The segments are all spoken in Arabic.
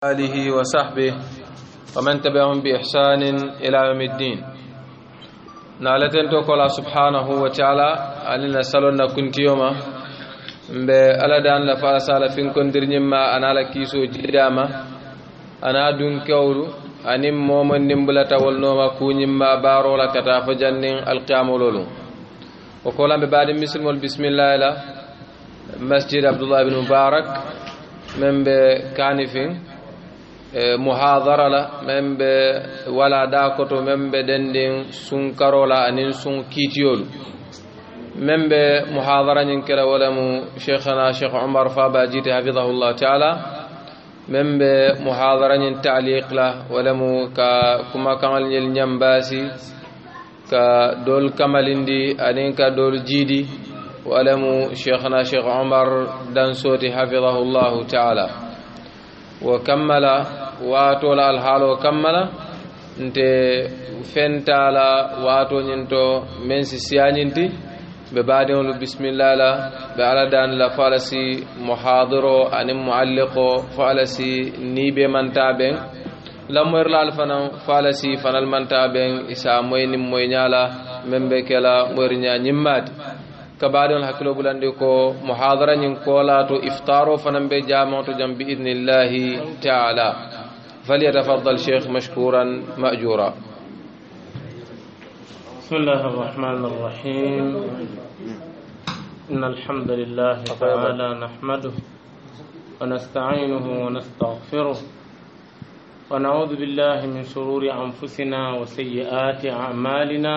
alihi wa sahbih wa man tabi'ahum bi ihsanin ila yawmi ddin naaleten to kola subhanahu wa taala alina salonna kuntiyoma mbe ala da anla fala sala finkondirñimma anala kiiso jiidama ana dun kewru anin momon nimbulata wolnoma kuñimma barola kata fo jannin alqiyamololum o kolamɓe baadi misilmol bisimillahi la masjid abdullah bin mubarak men ɓe kani fin muhadarala la meŋ be wala daa koto meŋ be dendiŋ sunkaro la aniŋ sun kiitiyolu meŋ be muhadara ñiŋ kela wo lemu cheikhana cheikh omar faba jiite hafidahullah taala meŋ be muhadara ñiŋ taaliq la wo lemu ka kumakaŋol ñil ñambaasi ka doolu kamalindi aniŋ ka doolu jiidi wo lemu cheikhana cheikh omar dansooti hafidahullahu taala وكمل واتول الحال وكمل انت فنتالا واتو نينتو من سيسيا نينتي ببعدين بسم الله لا بعلدان لا فالسي محاضرو ان معلقو فالسي نيبي منتابين لمر لالفنا فالسي فنال منتابين اسا موي نيم موي نيالا ممبكلا مورنيا نيمات كبار الله كلو بلانديكو محاضرة نقولا تو إفطارو فنبي جامعة جنب بإذن الله تعالى فليتفضل الشيخ مشكورا مأجورا بسم الله الرحمن الرحيم إن الحمد لله تعالى نحمده ونستعينه ونستغفره ونعوذ بالله من شرور أنفسنا وسيئات أعمالنا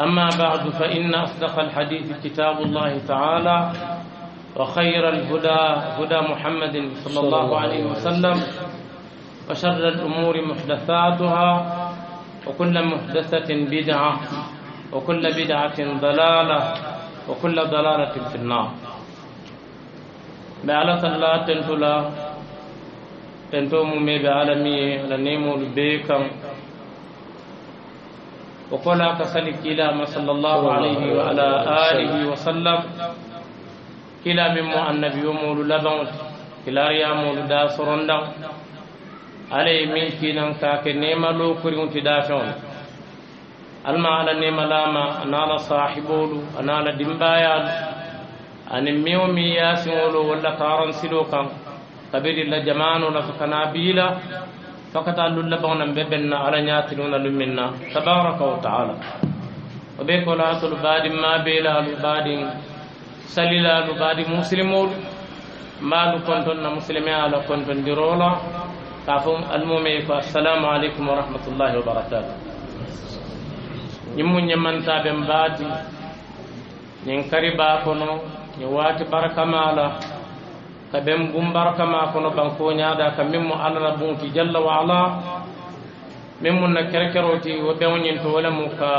أما بعد فإن أصدق الحديث كتاب الله تعالى وخير الهدى هدى محمد صلى الله عليه وسلم وشر الأمور محدثاتها وكل محدثة بدعة وكل بدعة ضلالة وكل ضلالة في النار بعلى صلاة تنتلا تنتوم مي بعالمي لنيمو البيكم وكنا كسلك إلى ما صلى الله عليه وعلى آله وسلم كلا مما النبي مول لبن كلا ريا مول دا سرندن علي من كنا كاك نيما لو كريم تدافعون الما على نيما لاما أنا على صاحبولو أنا على دمبايال أنا ميو مياسولو ولا كارن سلوكا كبير لا جمانو لا فكنا بيلا فقط على اللبن ببنا على نياتنا لمنا تبارك وتعالى وبيك ولا أطل بعد ما بيلا لبعد سليلا لبعد مسلمون ما لكنتن مسلمين على كنتن درولا كافهم المومي فالسلام عليكم ورحمة الله وبركاته يمون يمن تابن بعد ينكري باكونا يواتي بركة مالا kaɓen bumbarka ma kono banko ñaada ka min mo alla la jalla wa ala min mun na kerkeroti wo ɓeŋoñinto wole mu ka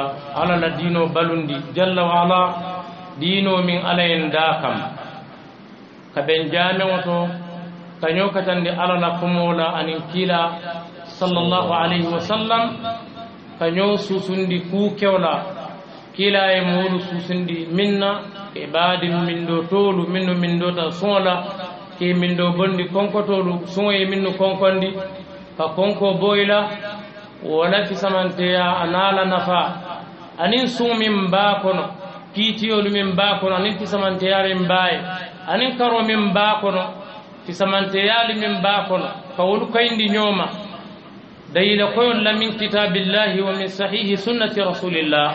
alla la diino balundi jalla wa ala dino min ala en da kam kaɓen jameŋo to kaño katandi alla la kumo la anin kiila sallallahu alaihi wa sallam kaño susundi kuu kewla kiila ye moolu susundi min na ibadin min do toolu minnu min do ta suŋo la ke min do bondi konkotoɗu suŋoye min no konkondi ka konko boyila wolati samanteya a naala nafa aniŋ suŋ min baa kono kiitiyolu min baa kono aniŋ tisamanteyari min baye ye aniŋ karo min baa kono tisamanteyaali min baa kono ka wolu kayindi ñooma dayila koyol la min kitabillahi wa min sahihi sunnati rasulillah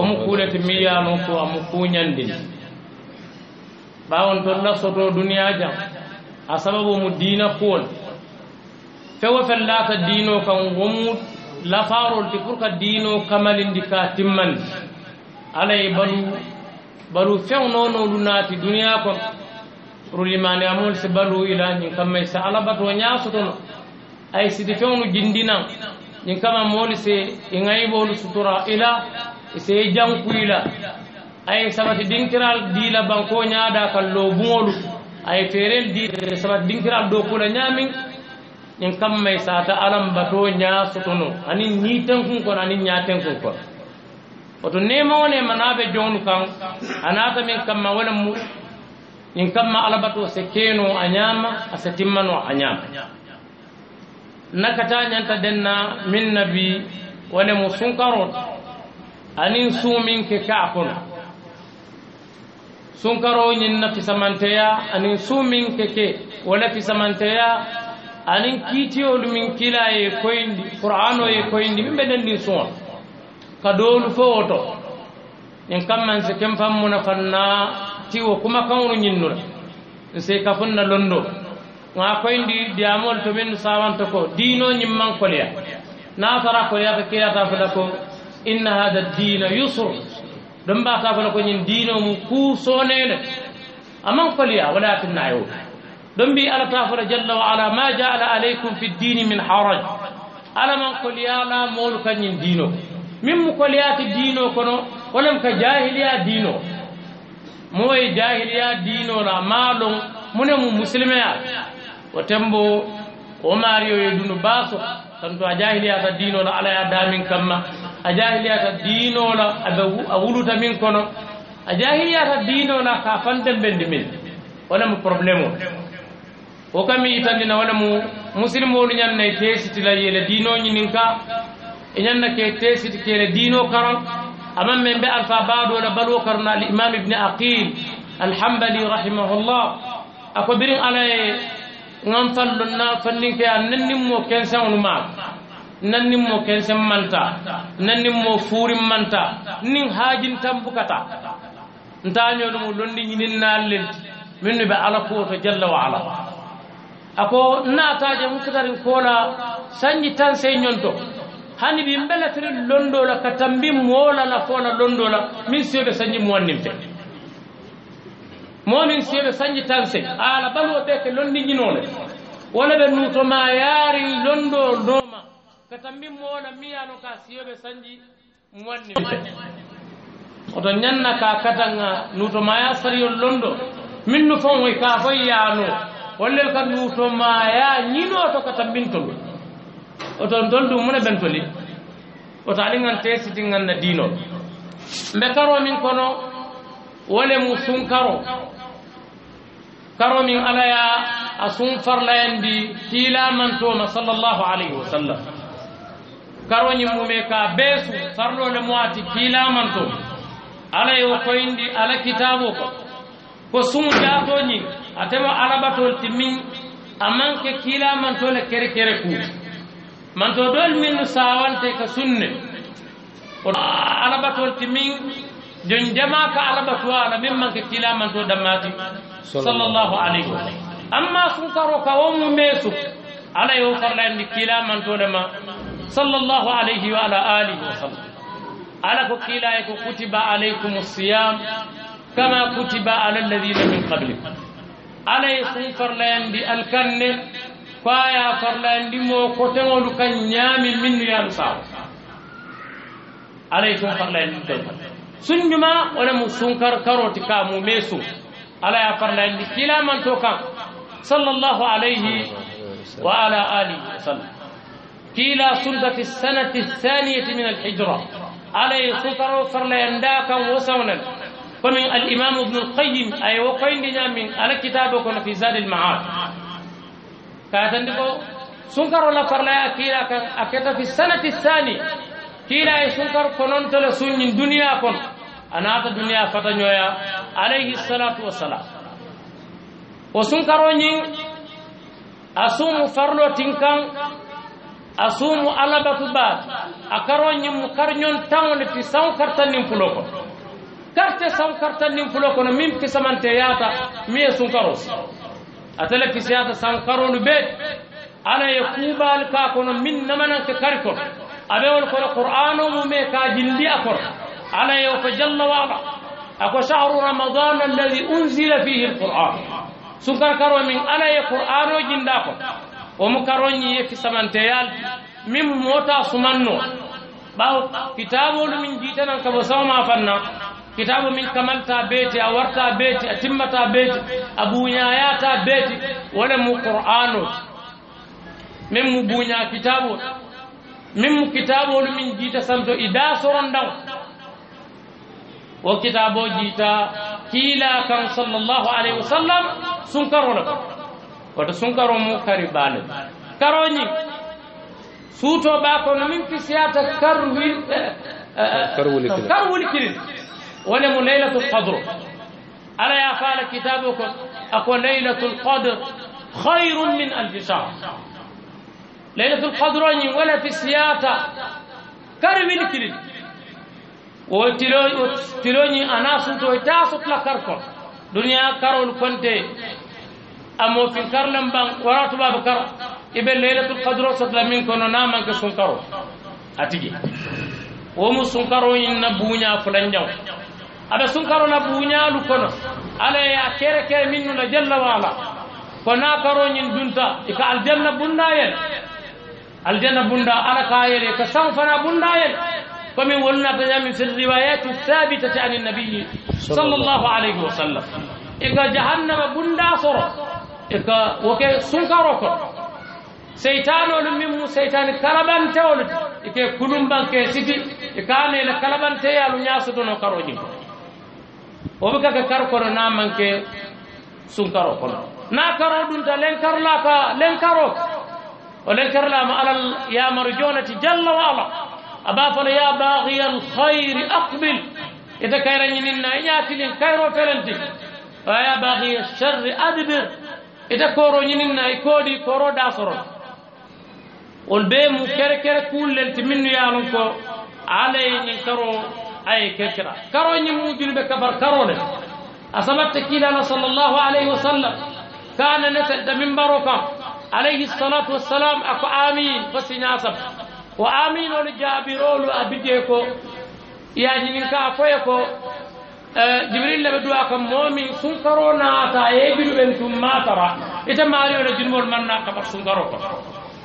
omu kuuleti miŋ ye a loŋ ko a mu kuuñandin ɓawon tolla soto duniya jam a sababu mu diina kuwol fewo fellaka diino kan womu lafarol ti pour ka diino kamalindi ka timmandi alay balu balu feŋ nonolu naati duniya kono rulimani amol si balu ila ñin kamma sa alabato ña sotono ay siti feŋnu jindinan ñin kamma moolu si i ŋayibolu sutura ila ise i ila ay sabati dinkiral diila banko ñaada kal lo buŋolu ay feren di sabati dinkiral do kula ñaamin in kam may sata alam bato ña sotono anin ni tenkun kon anin ña tenkun kon oto nemao ne manaɓe jonu kan anata min kamma wala mu in kamma alabato se keno a ñama ase timmano a ñama nakkata ñanta denna min nabi wala mu sunkarot anin suminke ka kono sunkaro ñin na fisamanteya anin suu min keke wala fisamanteya anin kiitiyolu min kila ye koyindi qur'ano ye koyindi min ɓedendin suwa ka doolu fo woto in kamman se ken fammuna fanna tiwo kuma kanru ñinnura nse kafunna londo ga koyindi diyamol to min sawanta ko diino ñimmankoleya na fara koleyaka kiyata fota ko inna hada dina yusru Don ba ɗon mbasa dino mu ku mum ne soonele aman koliya wala na yau don bi ala da jalla wa ala ma ala aleykum fi dini min haraj ala man koliya la moolu kañin dino. min mu kwaliya ta dino kono wolam ka jahiliya dino mu wai jahiliya diinola maalon mune mu musulmiya o tembo o yau ye dunu baaso tanto a jahiliya ta dino na ala ya damin kamma a jahiliyata diinola la a wuluta min kono a jahiliyata diinola ka fanten ɓenndi min mu probléme o o kami yitandina wonamo mu ñanna e tesitila yele diinoñinin ka e ñanna ke tesiti kele diino karon aman men mbe alpha baɗola baluwo karona alimam ibne aqil allah a ko birin ala e gan fallonna fanninke a nanninmo kenseŋolu maako nannin mo kensen manta nannin mo fuurin manta nin haajin tambukata ntaañoo ɗumo londi ñinin naal lenti min nu ɓe ala kuwo to jalla wa ala a ko naataaje mukkitarin koola sañji tan sey ñonto hani ɓi mbeletiri londola ka tambi moolala foona londola min seeɓe sañji mo wannin fe momin seeɓe sañji tan sey ala baluwo ɓe ke londi ñinoole wona ɓe nuuto ma yaari londo nooma ka tambi moola mi ye no ka siyo ɓe sanji monni oto ñanna ka katanga nuutomaya sariyol londo min nu fon hoy ka foy yaano wallel ka nuutomaya ñinoo to ka tambintolu oto ndol du mune bentoli oto aliŋan te sitiŋan na diinol mbe karo min kono wole mu sun karo karo min ala ya a sun farlayandi tiilamantoma sallallahu alayhi wa sallam karoñi mume ka beesu sarlole moati kiilamanto ala yo koyndi ala kitabo ko ko sumu jatoñi atemo alabatol ti min a aman kiilamanto kiilamantole kere kere ku manto dol minnu sawante ka sunne alabatol ti min jon jama ka alabatu ala min man ke kiilamanto dammati sallallahu alayhi wa amma sun sunkaro ka wo mum beesu ala yo farlayndi kiilamantole ma صلى الله عليه وعلى آله وسلم على كلا كتب عليكم الصيام كما كتب على الذين من قبلكم على يكون فرلان بالكن فايا فرلان دمو كتن لكن نعم من يرسال على يكون فرلان بالكن سنجما ونمو سنكر mu sun kar karoti ka mu mesu ala ya farla indi kila man to kan sallallahu كلا سلطة السنة الثانية من الحجرة على سلطة وصر لينداكا وسونا ومن الإمام ابن القيم أي وقين من على كتابك في زاد المعاد كاتندكو سنكر ولا فرلا كلا أكتا في السنة الثانية كيلا سنكر كنون تلسون من دنيا كن أنا الدنيا فتنيا عليه الصلاة والسلام وسنكروني أصوم فرلو تنكم أصوم على بطبات أكرون يمكرون تاون في سو كرتن يمفلوك كرت سو كرتن يمفلوك نميم كسمان تياتا مي سنكروس أتلا في سياتا سنكرون بيت أنا يقوبا لكاكونا من نمنا كاركو أبي أقول القرآن وميكا جندي أكر أنا يوف جل وعلا أكو شهر رمضان الذي أنزل فيه القرآن سنكر كرو من أنا يقرآن وجند Wa mu karoñi ye fisamanteyal min mota sumanno ɓaw kitabolu min jiitanan kabo sawma fanna kitabu min kamalta beeti a warta beeti a timmata beeti a buñayata beeti wole mu qur'ano min mu buña kitabol min mu kitabolu min jiita santo ida sorondaw wo kitabo jiita kiila kan woto sunkaro mu kari baale karoñi suuto ba ko nomin pisiyata karwil karwul kilin wole mu leylatul qadre ala ya faala kitabe ko ako leylatul qadre hayrun min alfi shahr leylatul qadre oñi wala pisiyata karwil kilin wo tilo tiloñi ana suuto e ta sutla kar kon karol konte أمو في كر بان قرات باب كر إبن ليلة القدر سطلا من كنا ناما كسنكرو أتجي ومو سنكرو إن بونيا فلنجاو أبا سنكرو نبونيا لكنا على يا كير كير منو نجلا وعلا كنا كرو إن دنتا إكا الجنة بندايل الجنة بندا على كايل إكا سنفنا بندايل ومن ولنا من في الروايات الثابتة عن النبي صلى الله عليه وسلم إذا جهنم بندا صرا ika woke sunkaro kono seytanolu min mu seytani kalabantewolu ike kulumbanke siti ikanela kalabanteyalu ñasudono karoji ko woɓe kaka kar kono na manke sunkaro kono na karo ɗumta lenkarla ka lenkaro o lenkarlama alal yamaru jonati jalla wa ala aba fala ya bagiya alhayri aqbil ita kayrañininna e ñatilin kayro felenti wa ya bagiya sharri adbir ita koro ñinin na ikodi koro da soro wol be mu kere kere kullel ti minnu yaalon ko ala ye ñin karo aye kekira karo ñi mu julbe kabar karo le asabat sabatte kiilala sallallahu alayhi wasallam kana nesedda min baro alayhi salatu wassalam ako amin fo siñasam wa amin jaabirolu a bidde ko yañinin ka foye جبريل لبدعا كمؤمن سنكرو ناتا يبير بنتم ما ترى إذا ماريو لجنمور من ناقا بسنكرو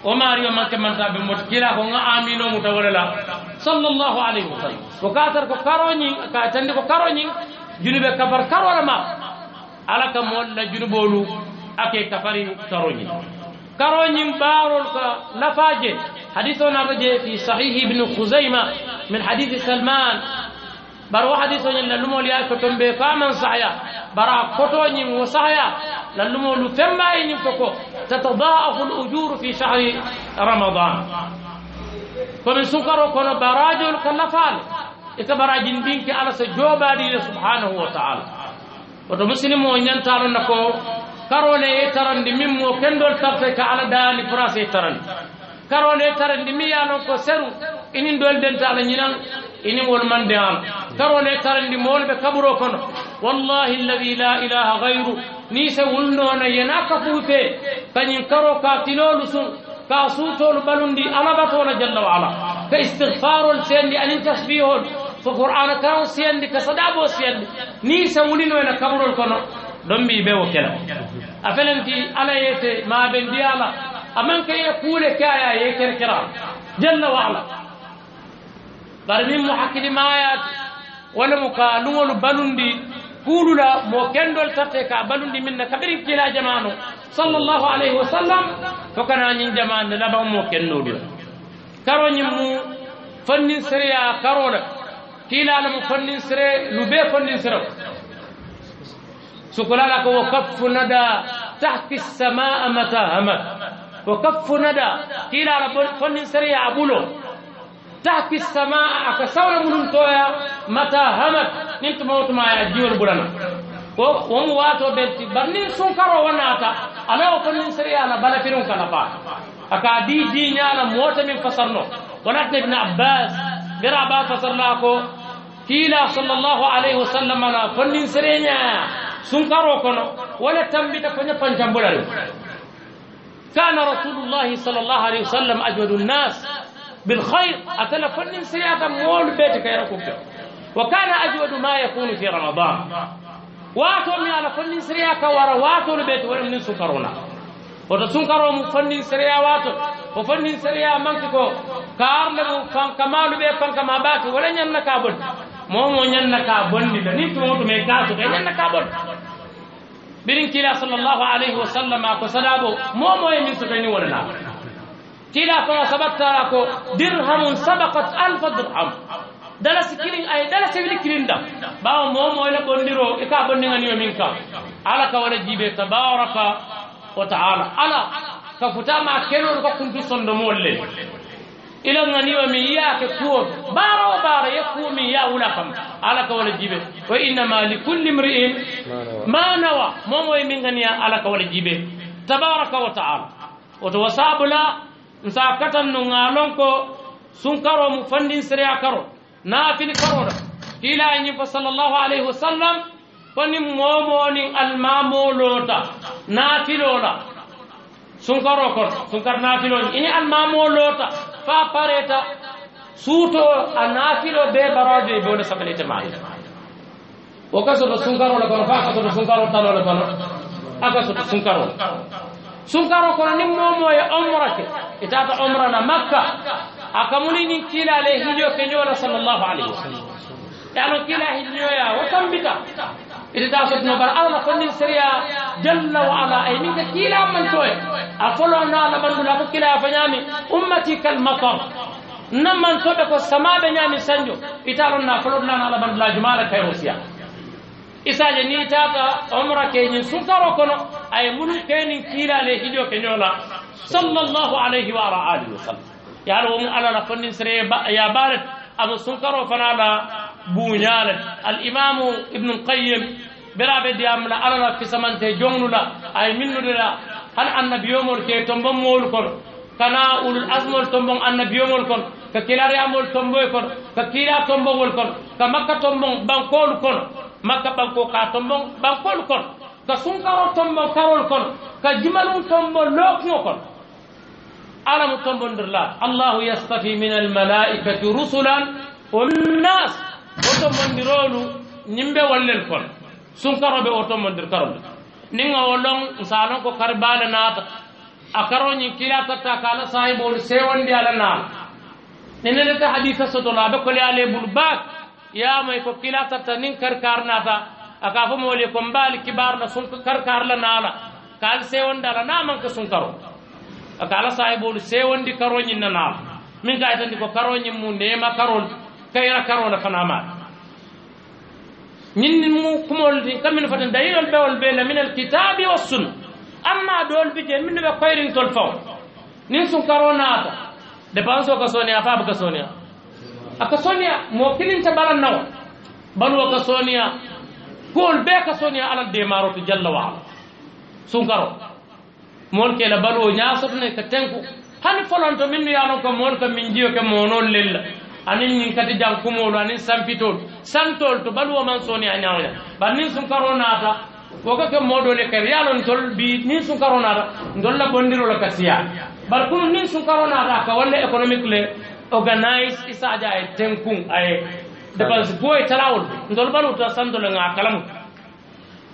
وماريو من كمان تابي مجكلا هم آمينو متولا صلى الله عليه وسلم وكاتر كو كاروني كاتند كو كاروني جنوب كبر كارو لما على كمول لجنبولو أكي كفري كاروني كاروني بارو لفاجه حديثنا رجي في صحيح ابن خزيمة من حديث سلمان baro hadiso ñin lallumol ya ko tombe faman sahya bara koto ñin wo sahya lallumolu fembaye ñin koko tatadaafu lujuru fi shahri ramadan komin sukaro kono barajol ko nafal ika barajin ɗinki ala so joɓaɗile subhanahu wa taala woto musilime o ñantano na ko karole e tarandi min mo kendol tarte ka ala dani france e tarandi tarole tarandi mi yalon ko seru inin dol dentala ñinan inin wol man deal tarole tarandi molɓe kaɓuro kono wallahi alladi la ilaha gayru ni se wulnona yena kafuute kañin karo ka tinolu sun ka suutolu ɓalundi alabatola jalla wa ala ka istigfarol sendi anin tasbihol fo qur'ana karon sendi ka saɗabo sendi ni se wulino ena kaɓurol kono ɗon mbi ɓe wo kela a felenti ala yete maɓe ndiyala aman ka ye kuule ke aya ye kerkira jalla waala bari min mu hakkilimaya walamu ka luŋolu balundi kuulula mo kendol tarte ka balundi min na kabiri kila jamanu sallallahu alayhi wa sallam fo kana ñin jamande laban mo kennolu karo ñin mu fannin sereya karo la kiilala mu fannin sere lu be fannin sere sukulala ko wo kapfu nada tahki samaa mata hamat وكف ندى كلا رب فن سريع بلو تحت السماء أكسور من تويا متى همت نمت موت ما يجيور بلنا ومو بلت برنين سنكر وناتا أنا وفن سريع أنا بلا فيرون كنفا أكا دي دينا موت من فصرنو ولكن ابن عباس برعبات فصرناكو kiila sallllahu alayhi wa sallam فن سريع سنكر وكنا ولا wala tambita koña pancambolal كان رسول الله صلى الله عليه وسلم أجود الناس بالخير أتلا فنن سياقا مول بيتك يا ركوبك وكان أجود ما يكون في رمضان واتو من على فنن سياقا ورواتو البيت ولم سكرونا وتسنكروا مفنن سريا واتو وفنن سريا منكو كارلو كمالو بي فنكما باتو ولن ينكا بل مو مو ينكا بل ينكابل تو مو تو مي birin kila sallallahu alaihi wasallam ko sadabo momo e min tani wonana kila fa sabata ko dirhamun sabaqat alf dirham dala sikirin ay dala sewili kirinda ba bawo momo e bondiro e ka bonni ngani min ka ala ka wala jibe tabaraka wa ta'ala ala ka futama kenon ko kuntu sondo molle إلى أن غنيمة مياه كفوف بارو بارو يكو مياه ولكم على كوال الجيبه وإنما لكل امرئ ما نوى مومو يمين غنيا على كوال الجيبه تبارك وتعالى وتوصاب لا نساكتا نغالونكو سنكرو مفندن سريع كرو نافل كرو إلى أن يفا صلى الله عليه وسلم فني مومو نين المامولوتا نافلولا سنكرو كرو سنكر نافلو إني المامولوتا fa pareta suuto a naafilo be barajo e bewne sabilite maade o ka soto sunkaro le kono fa ka soto sunkaro talo le kono aka soto sunkaro sunkaro kono nin momo e omra ke itata omra na makka aka muni nin kila le hijo ke nyola sallallahu alaihi wasallam yano kila hijo ya watan bita إذا نبر الله فنن سريا جل وعلا أي من كيلا من توي أفلو أنا لمن من أبو كيلا فنامي أمتي كالمطر نمن توي بكو سما بنامي سنجو إتالو نفلو أنا لمن لا جمالة كيروسيا إذا جنيتا أمرا كيني سلطارو كنو أي من كيني كيلا لهيديو كنيولا صلى الله عليه وعلى آله وسلم يا رب أنا لفنن سريا يا بارد أبو سلطارو فنانا buuñaale al imamu ibnul qayim biraɓe diyamla alala fisamante jongnula ay minnudela han annabiyomol ke tombon mowol kono kana ulul asmol tombon annabiyomol kono ka kilariyamol tomboy kono ka kiila tombongol kono ka makka tombon bankolu kono makka banko ka tombon bankolu kono ka sunkaro tombo karol kono ka jimalum tombo lookiŋo kono alamu tombondirla allahu yastafi min almalaikati rusulan wa min nas o tommondiroolu ñiŋ be wollel kono sunkaro be o tommondir karolu niŋ ŋa wo loŋ nsaaloŋ ko kari baale naata a karoo ñiŋ kila tatta ka a la saahiboolu seewondi a la naala ne le ta hadisa soto la a be kole ale bulu baak ye a may ko kila tatta niŋ kari kaari naata a ka fo moolu ye ko mbaali kibaar la sunka kari kaari la naala ka ali seewondi a la naa maŋ ka sunkaro a ka a la saahiboolu seewondi karo ñiŋ na naala ko karo mu neema karolu kayra karola fana maata ñin mu kumol di kamin fatan dalilol bewol be la min alkitabi wassunna amma dool bi je min ɓe koyrintol faw nin sun karo naata dépense o ka soniya faaba ka soniya aka soniya mo kilinta ɓalan nawa baluwo ka soniya kuwol bee ka soniya alal demaroto jalla wa ala sunkaro mool kela baluwo ñasotone ka tenku hani folonto min nu yaalon ko mool ka min jiyo ke monol lella anin nin kati jan kumolu anin sampitolu santolu to baluwo man soni a ñawoña bari nin sunkaro naata wo ka ke moodo le ye a lon tol bi nin sunkaro naata ntol la bondiro la kasiya siya bari kunu nin sunkaro naata ka walle économique le organise isaja aye tenkun aye dépense bo ye talawol ntol baluta santole ŋa kalamu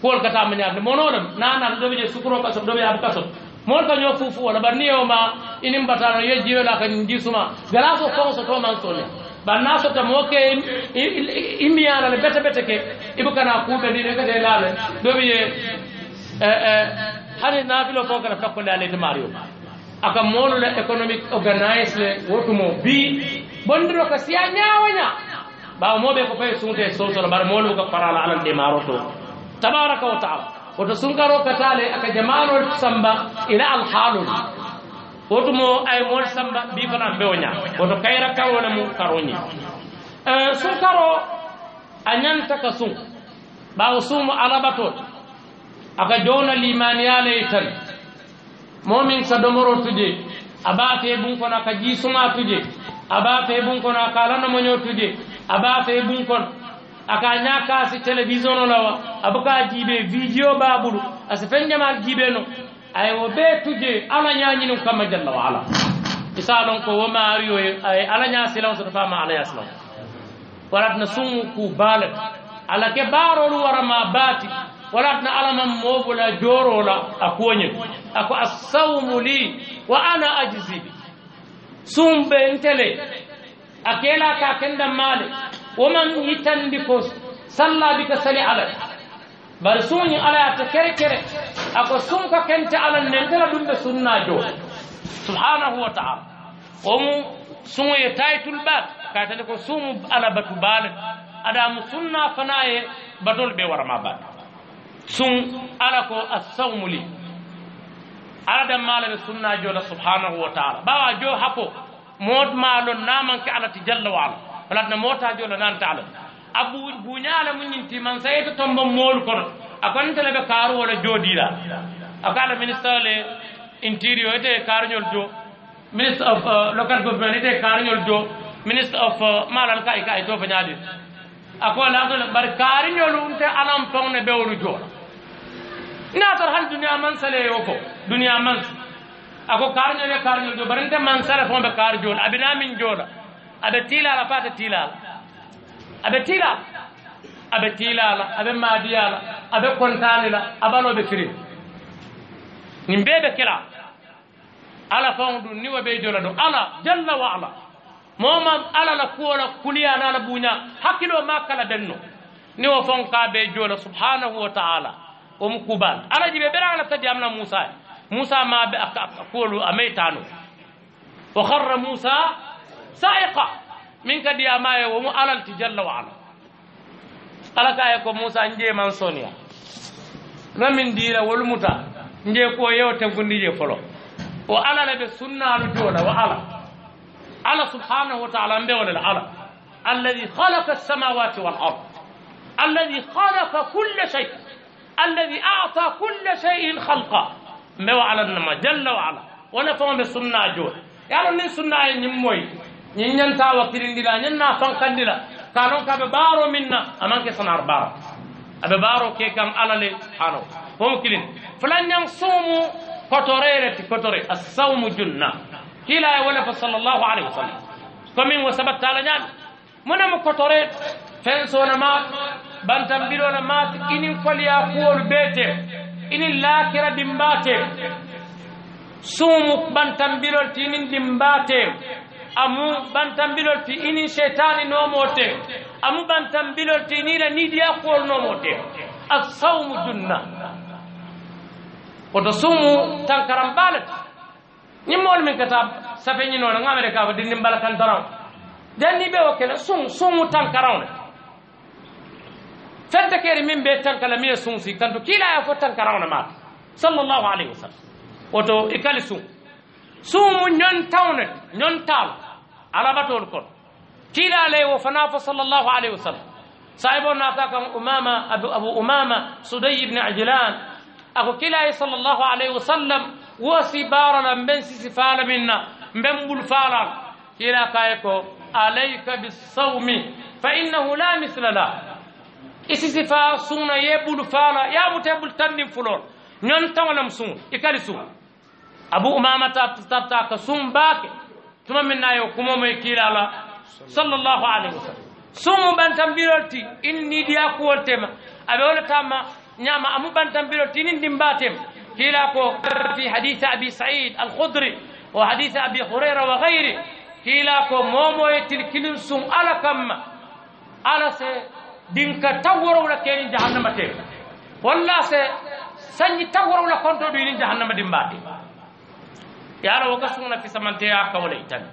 kuwol ka ta mañaade monolem nanata doɓe je sukuro ka sob doɓe yaɓe ka sob moolu ka ñoo fuufu wala bari ni yewo ma inin batano ye jiwe la ka jisuma galaso koŋo soto man sonne بناس تموك إمي أنا لبيت بيت كي إبو كان أقول بني لك ده لاله ده بيه هذا نافل فوق أنا فكنا على الماريو أكمل مول لا إقonomic organize لا وتمو بي بندرو كسيا نيا ونيا بعو مو بيكوبي سونت سوسو بار مول وكبار على عالم ديمارو تو تبارك وتعالى وتسونكارو كتالي أكجمانو سبب إلى الحالون wotumo ay mool samba mbi fana mbewo ña kayra kawole mu karoñi eh, sun karo a ñanta ka sun ɓawo aka jona aka jowna limaniyaley tan momin sa domoro tuje a baate bun kono ka ji suma tuje a baate bun kala aka alanomoño tuje a baate bun kono aka ña kaasi télévision o lawa abuka jiibe vidéo babulu asi fen jamal no ay wo be tuje ala ñañinu kama jalla wa ala isa lon ko wo maariyo ay ala ña silaw soto fama ala ya silaw waratna sumu ku balat ala ke baarolu warama baati walatna alaman moobula joorola a kuwoñin ako assawmu li wa ana ajzi bi sum ɓe ntele a kela ka kendan maale woman yitandi ko sallaabi ka sali ala bari suñi ala yata kere kere ako sunka kente ala nentela ɗum ɓe sunna jo subhanahu wa taala sun suŋoye taytul bat kaytade ko sun ala batu ada adamu sunna fana ye batol ɓe warama bat sun ala ko as-sawm li ala mala be sunna la subhanahu wa taala ɓawa jo happo mod malon ka alati jalla wa mota jo la nan ta'ala abu buñala muñinti man sayeta tombo mol kono akonte lebe karu kaaru wala joodila akala minister le interior ete karu nyol jo minister of uh, local government ete karu nyol jo minister of uh, maalal kai kay to akola ako bar karu nyol unte alam be wonu bewolu na tar han duniya man sale yoko duniya man ako karu nyol karu nyol jo bari man mansale fon be karu joola abina min da aɓe tilala paate tilala aɓe tilala abe tila aɓe maadiyala aɓe kontanila abanoɓe firin nin ɓeɓe kela ala fon ɗum ni wo ɓe jola ɗo ala jalla wa ala moma ala la kuwola kuliyana ala ɓuña hakkilo ma kala ɓenno ni wo fon ka ɓe jola subhanahu wa taala omo kubal ala jiɓe ɓera ala tadi amna moussa moussa ma ɓe kuwolu a wa harra moussa sa'iqa min kadi yamaye womo alalti jalla wa ala ala ka ko musa nje man sonia namin dira wol muta nje ko yew tenkundi je folo o ala la be sunna lu jola wa ala ala subhanahu wa ta'ala mbe wala ala alladhi khalaqa as-samawati wal ard alladhi khalaqa kull shay alladhi a'ta kull shay'in khalqa mbe wa ala nama jalla wa ala wala fa be sunna jola yalo ni sunna e moy nyanta wa nyin nyanna fankandila تانوں کا ببارو مننا امان کے سنار بار ببارو کے کم علالے حانو ہم کلین فلن یا سومو کتورے رتی کتورے السوم جنن کیلا ہے ولف صلی اللہ علیہ وسلم کمین و سبت تالے جان منم کتورے فنسو نمات بانتن بلو نمات انی کلیا قول بیتے انی لاکر دنباتے سومو بانتن بلو تینن دنباتے amu bantambilo ti ini shetani no mote amu bantambilo ti ni inira no mote nomote assawmu junna woto sumu balat ni ñimmol min kata safeñinona ngamere ka fo dinnin bala kan toraw den ni be wakela sun sumu na fedde kere min ɓe tankala miye sunsi kanto ya fo tankaran mata sallllahu alayhi wa sallam woto ikali sumu suumu ñon tawnet ñon taal alabatol kon kiilale wo fana fo sallllahu alayhi wa sallam sahibo naata kam umama abu umama suday ibne ajlan ako kiilaye sallllahu alayhi wa sallam wo sibarala mben sisi faala min na mben ɓul faalal kiila kaye ko alayka bisawmi fa innahu la misla la i sisi faa suuna ye ɓul faala yaɓute ɓul tanndin fulol ñon tawlem suun i kali suun abu umamata tarta ka sum baake tuma min nayo kumo moy kiilala sallllahu alayhi wa sallam sumu ɓantambirol ti inni ɗiya kuwol tema aɓe wolatama ñama amu ɓantambirol tinin ndimbatema kiila ko fi hadise abi saïd alkhudri o hadise abi hurayra wa gayri kiila ko momoye til kilin sum ala kamma ala se ɗinka tawworowla keni jahannama tema walla se sañi tawworowla kontoɗo yinin jahannama dimbate yara wo ka suŋna fisamanteya kawo le itani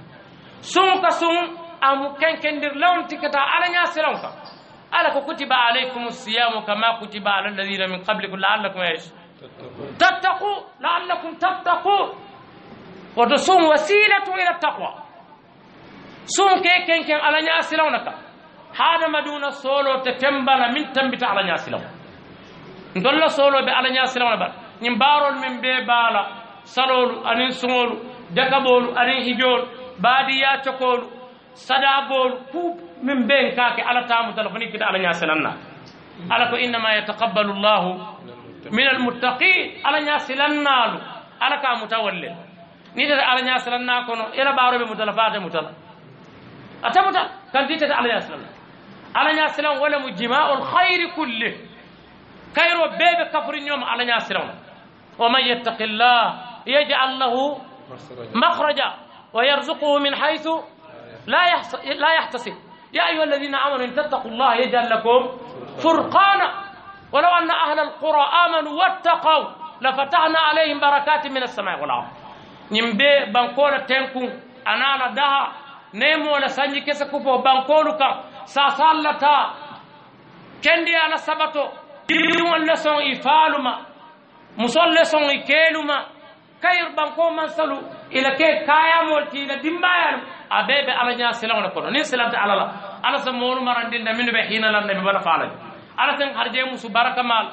suŋ ka suŋ amu kenkendirlaŋo ti ka taa ala ñaa siraŋo kaŋ ala ko kutiba alaykum siyamu kama kutiba ala alladina min qablikum laallakum es tattaqu laallakum tattaqu woto suŋ wasilatu ila taqwa suŋ ke kenken ala ñaa siraŋo na kaŋ hadamaduna solo te tembala min tambita ala ñaa siraŋo ndolla soolo be ala ñaa siraŋo na bara min bee baala saloolu anin suŋoolu dakaboolu anin hijoolu baadiyaa cokoolu sadaaboolu fuu min beŋ kaa ke alla taamuta la fo niŋ kita alla ñaa silaŋ ko innama yataqabbalu llahu min almuttaqin ala ñaa ala naalu alla ka muta wolle tata alla ñaa kono ila baaro be muta la fo ate muta la ate muta kanti tata alla ñaa silaŋ na alla ñaa kulle kayro bee be kafuri ñooma alla ñaa يجعل له مخرجا ويرزقه من حيث لا لا يحتسب يا أيها الذين آمنوا إن تتقوا الله يجعل لكم فرقانا ولو أن أهل القرى آمنوا واتقوا لفتحنا عليهم بركات من السماء والأرض نمبي بانكولا تنكو انا لا دها نيمو ولا لسانجي كسكوبو بانكولو كان ساسالتا كندي على سبتو ديوان لسون يفالوما مصول لسون إكيلما kayir banko man salu ila ke kaya molti ila dimbayal abebe ala nya silaw na kono ni silanta ala la ala sa molu marandin da min be hina lan nabi bala faala ala tan harje musu barakamal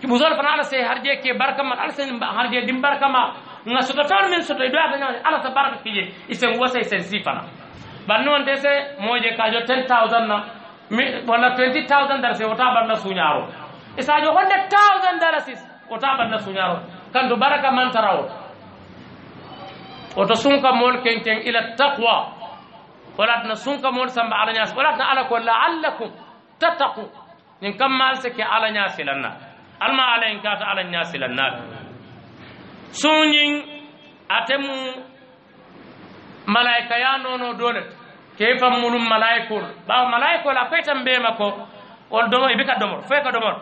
ki buzal fana ala se harje ke barakamal ala sen harje dim barakamal nga soto tan min soto do ala nya ala sa baraka kije isen wasa isen sifana bannu on dese moje kajo 10000 na wala 20000 darse wata banda sunyaro isajo honde 1000 darasis wata banda sunyaro kanto baraka man tarawo oto sunka mon kenten ila taqwa walatna sunka mon samba ala ñaasi walatna ala ko laallakum tattaqu ñin kamma al sike ala ñaasilanna alma ala en kata ala ñaasilannaade suñin atemu malaika ya nono dole ke fam mulum malaikul ba malaikul akoy tan bema ko wol domo ibe ka domor fe ka domor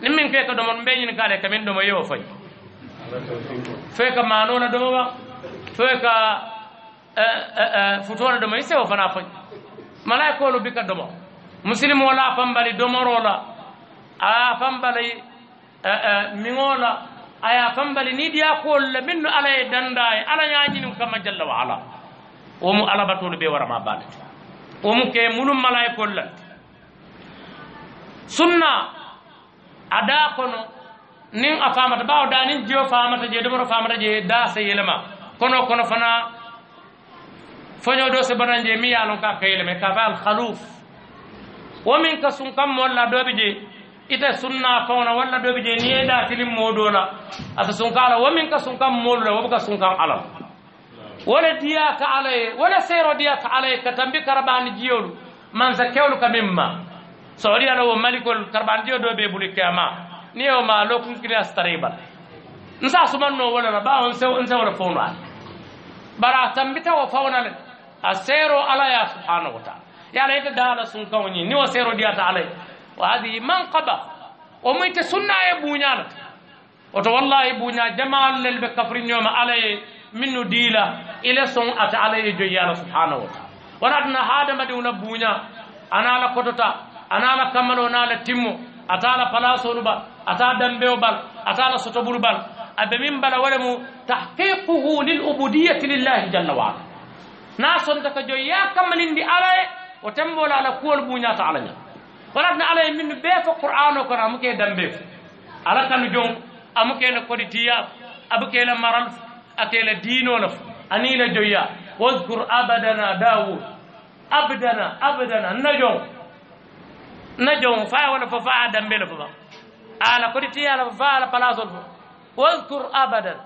nimmin fe ka domor mbeñin kale kamin domo yewo fayi fewka manona domowa fewka eh, eh, eh, futona domo i sewo fana poñ malay koolu bika domo musilim wola pambali domorola a pambali miŋola aya pambali niidiya koolu la min no ala ye dandaye ala ñañinin kamma jalla wa ala womu ala batolu be warama baalete womu ke munum malay koolu lante sunna a da kono niŋ a faamata bawo daa niŋ jio faamata je domoro faamata je daasa yelema kono kono fana foñoo doo si banan je miŋ ye a loŋ ka ka yelema ka fa al haluf wo miŋ ka sun kam moolu la doo bi je ite sunna faŋona walla doo bi je niŋ ye daatiliŋ moodoo la a si sunka a la wo miŋ ka sun kam moolu la wo buka sunkaŋ a la wo le diya ka alla ye wo le seero diya ka alla ye ka tambi karabaani jiyolu mansa kewolu ka miŋ ma sodiya la wo malikolu karabaani jiyo doo bee buli keama ni yewo ma lo kunkina starebal n sa sumanno wolana ba on sew n sewla fowno ala bara a tambita o fawnale a seero alaya subhanahu wa taala ya ala yita daala sun kawñi ni wo seero diyata alay wa hadihi man qaba o muyte sunna e buñalata oto wallahi buña jamaallel ɓe kafriñoma alaye minno diila ile son ata alaye joyi ala subhanahu wa taala wona aduna haadamadi wona buña anaala kotota anaala kammalo naala timmo atala palasolu bal ata dambewo bal atala sotobulu bal aɓe min mbala wole mu tahqiquhu lil ubudiyati lillahi jalla wa ala na sonta ko joyya kammalindi ala e o tembola ala kuwol ɓuñata ala ña walatna ala e min ɓe fo qur'an o kono amuke dambe fo ala kanu jon amukene kodi tiya abukele maral akele diinole fo anile joyya waskur abadana dawud abdana abdana nna jon نجوم فا ولا ففا ادم بلا ففا انا قلتي على ففا على بلاصل واذكر ابدا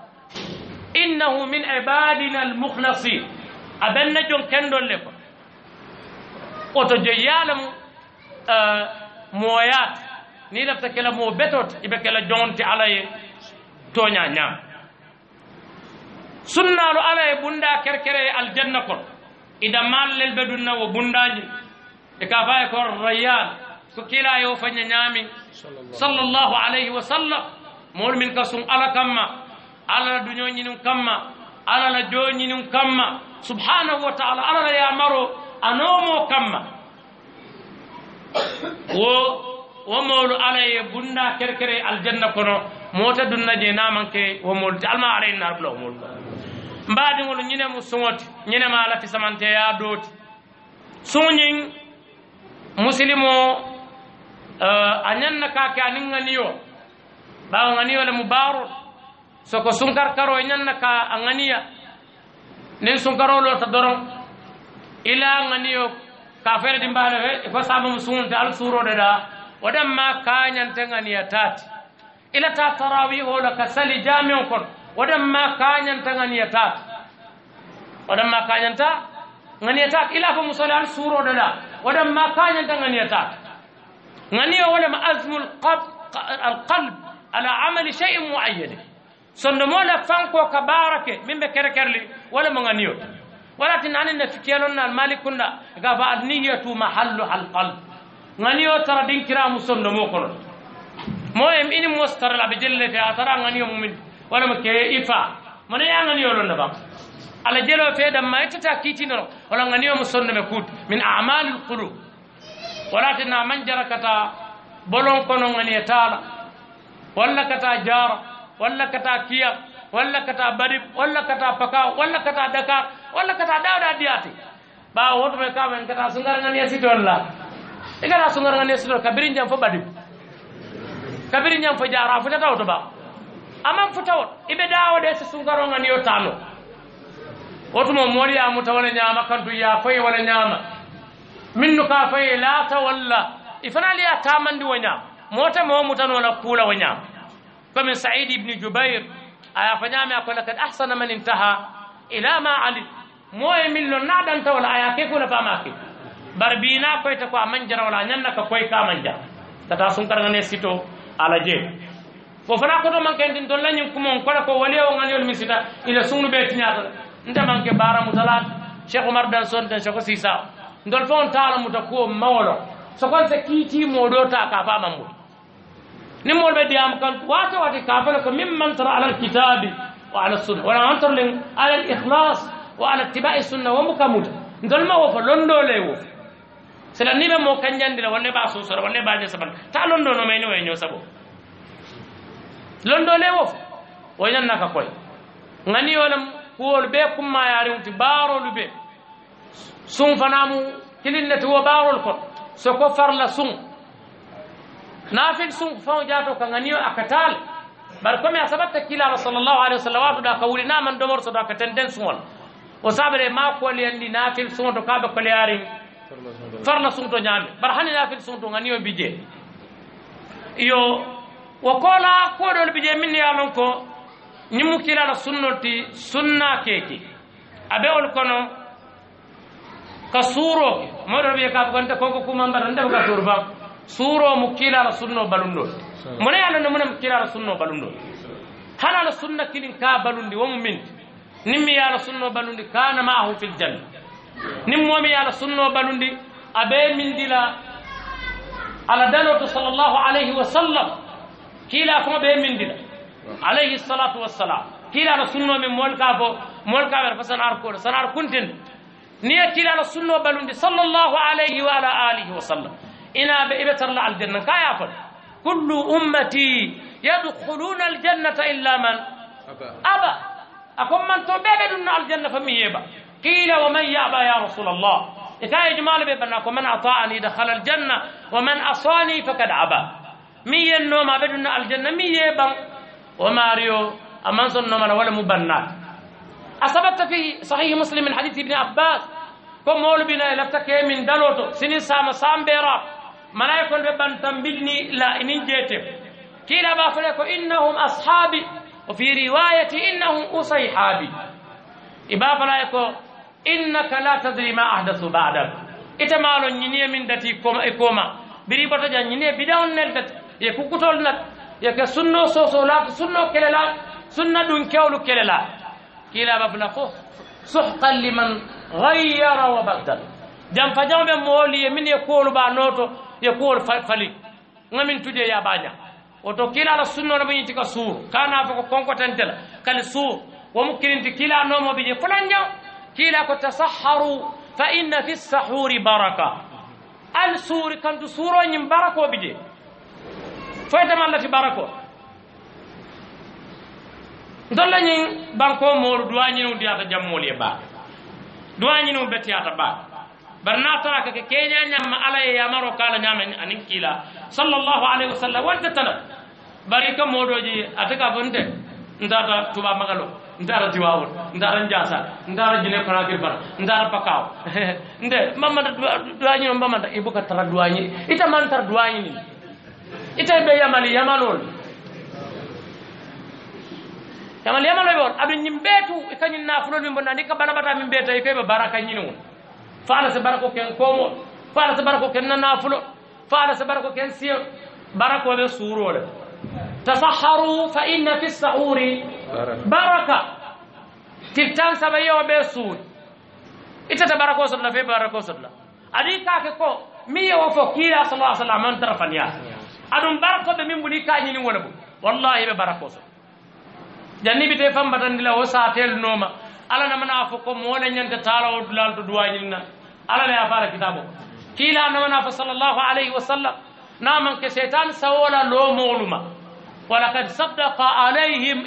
انه من عبادنا المخلصين ابن نجوم كان دول لفا وتجيالم آه مويات ني لفت كلامو بيتوت يبقى كلا جونتي علي تونيا نعم سنة على بندا كركرة الجنة كون إذا مال للبدن وبنداج إكافاء كور ريال so kiilaayo faña ñaami sallllahu alayhi wa sallam mowol min ka sun ala kamma alala duñooñinum kamma alala jooñinum kamma subhanahu wa taala alala yamaro anoomoo kamma wo wo mowlu ala ye bunna kerkere aljanna kono moota dunnaje namanke wo mowlu ti alma alay naarula omowlu mbaadiŋol ñine mu suŋoti ñinema alati samante ya dooti suŋoñiŋ musilimo Eh, anyanna ka ke anin ganiyo ba ganiyo le mubaru ko sunkar karo na ka anganiya nin sunkaro lo ta doron ila ganiyo ka fere dimbalo he eh, eh, ko sabu musun ta al suro da da wadan ma ka nyanta ganiya tati ila ta ho la ka sali jami'un kon wadan ma ka ta ganiya tati wadan ma ka ta ganiya tati ila fa musala al suro da da wadan ma ka nyanta ganiya tati غني ولم أزم القلب على عمل شيء معين صندمولا فانكو كبارك من بكركرلي ولم غنيو ولكن أنا نفكيرون المالكنا غفا النية محلها القلب غنيو ترى دين كرام صندمو كنون موهم إني موستر الأبجل في أثرا غنيو مؤمن ولم كيفا من يغنيو لنبا على جلو في دم ما يتتا كيتين ولا غنيو مصندم كوت من أعمال القلوب walate na manjara kata bolon kono ngani e taala walla kata jara walla kata kiya walla kata bari walla kata paka walla kata daka walla kata dawda e diati ba woto be kawe kata sungar ngani e sitol la e kata sungar ngani sitol kabiri njam fo badi kabiri njam fo jara fu tata woto ba amam fu tawot ibe dawo de se sungar ngani yo tano woto mo moriya mo tawale nyama kantu ya fay wala nyama minnu ka faye la tawalla ifanali ya tamandi wanyam mota mo mutano la kula wanyam kama Said ibn Jubair ayafanyame akola kad ahsana man intaha ila ma ali moye millo nadan tawala ayake kula ke barbina koy koyta ko manjara wala nyanna ka koy ka manja tata sun ne sito ala jee fo fana koto manke ndin don lañin kumon kola ko wali o ngani ol misita ila sunu be tinyata nda manke bara mutalat cheikh umar dan son dan cheikh sisa ndol toon taala muta kuwo mawolo kon se kiitimoo ɗo ta ka fa ni mo be diyama kan wato wati ka fele ko min tara ala alkitabi wa ala sunna wa an len ala l ihlas wa ala tibai sunna wa mukamud ndol ma wo fo londole wo seɗa ni ɓe mo kanjandira so so susora ba je saban ta londono mayni way ño saɓo londole wo koy ngani wala gani be kuwolu ɓe kumma yarimti baarolu ɓe sun fanamu kilinne tuwo barol kon soko farla sun nafil sun fawo jato ka ganiyo akatal bar komi a sabatta kilala sallallahu alaihi wasallam wato da ka wuri naman domor so da ka tenden sunwal o sabare ma koliyandi nafil sun to kaɓe koliyarin farla sun to ñaami bar hani nafil sun to ganiyo bije yo wo kola koɗol bije min ya lon ko ñimmu kilala sunnoti sunna keke aɓe ol kono كسورو مرة بيكاب كنت كونكو كومان برندم كسوربا سورو مكيلا رسولنا بلندو من على نمنا مكيلا رسولنا بلندو هل على سنة كلين كا بلندي ومؤمن نمي على سنة بلندي كان معه في الجنة نمومي على سنة بلندي أبي من دلا على دلوت صلى الله عليه وسلم كلا كما بي من دلا عليه الصلاة والسلام كلا رسولنا من مولكا فو مولكا برفسن عركور سنعر كنتن نيتي لنا السنة بلون صلى الله عليه وعلى آله وسلم إنا بإبتر الله الجنة كاي أفل كل أمتي يدخلون الجنة إلا من أبا أكون من توبيب دون الجنة فمي يبا قيل ومن يأبى يا رسول الله إذا إجمال بيبنا من أطاعني دخل الجنة ومن أصاني فقد أبا مي النوم بدون الجنة مي يبا وماريو أمان صنو من أول مبنات أثبت في صحيح مسلم من حديث ابن عباس كم مول بنا لفتك من دلوتو سنين سام سام بيرا ما لا يكون ببن تنبجني لا إني جيتم كلا بافلك إنهم أصحابي وفي رواية إنهم أصيحابي إبافا لا يكون إنك لا تدري ما أحدث بعدك إتمالو نيني من دتي كوما إكوما بري برتجا نيني بداون نلدت يكو كتول يكو سنو سوسو لا سنو كلا لا سنة دون كيولو كلا لا كلا ابن خف سحقا لمن غير وبدل جام فجام مولي من يقول با نوتو يقول فلي ngamin tude ya banya woto kila la sunno na banyi tika sur kana fa ko konko tantela kal sur wa mukirinti kila no mo bi fulanja kila ko tasahharu fa inna fi sahuri baraka al sur kan tu suro nyim barako bi je foyta mallati barako dolla ñing banko mooru duwañinu diyata jammool ye baa duwañinu be tiyata baa bar nataaka ke keña ñamma alaye yamaro kala ñame anin kiila sallallahu alayhi wa sallam wonte tana bari ka mooɗoji ate ka bonte ndata tuba magalo ndara diwawol ndara jasa ndara jine konakir bara ndara pakaw nde mamata duwañino mamata ibuka tara duwañini ita man tara duwañini ita ɓe yamali yamalol sama lema no bor abin nyim betu e kanyum na fulol min bonna ni ka bana bata min beta e kebe baraka nyinu fala se barako ken komo fala se barako ken na fulo fala se barako ken siyo barako be suro le tasaharu fa inna fi sahuri baraka tiltan sama yo be suud itata barako sodla fe barako sodla adi ka ke ko mi yo fo kila sallallahu alaihi wasallam an tarafan ya adum barako be min buli ka nyinu wala bu wallahi be barako sodla janibite fambatandila o satelnoma ala namana fo ko mole ñante talawo dulal to duwañilna ala la yafara kitabo kiila namana fo sallllahu alayhi wa sallam naman ke setan sawola lomoluma walakad sadaka alayhim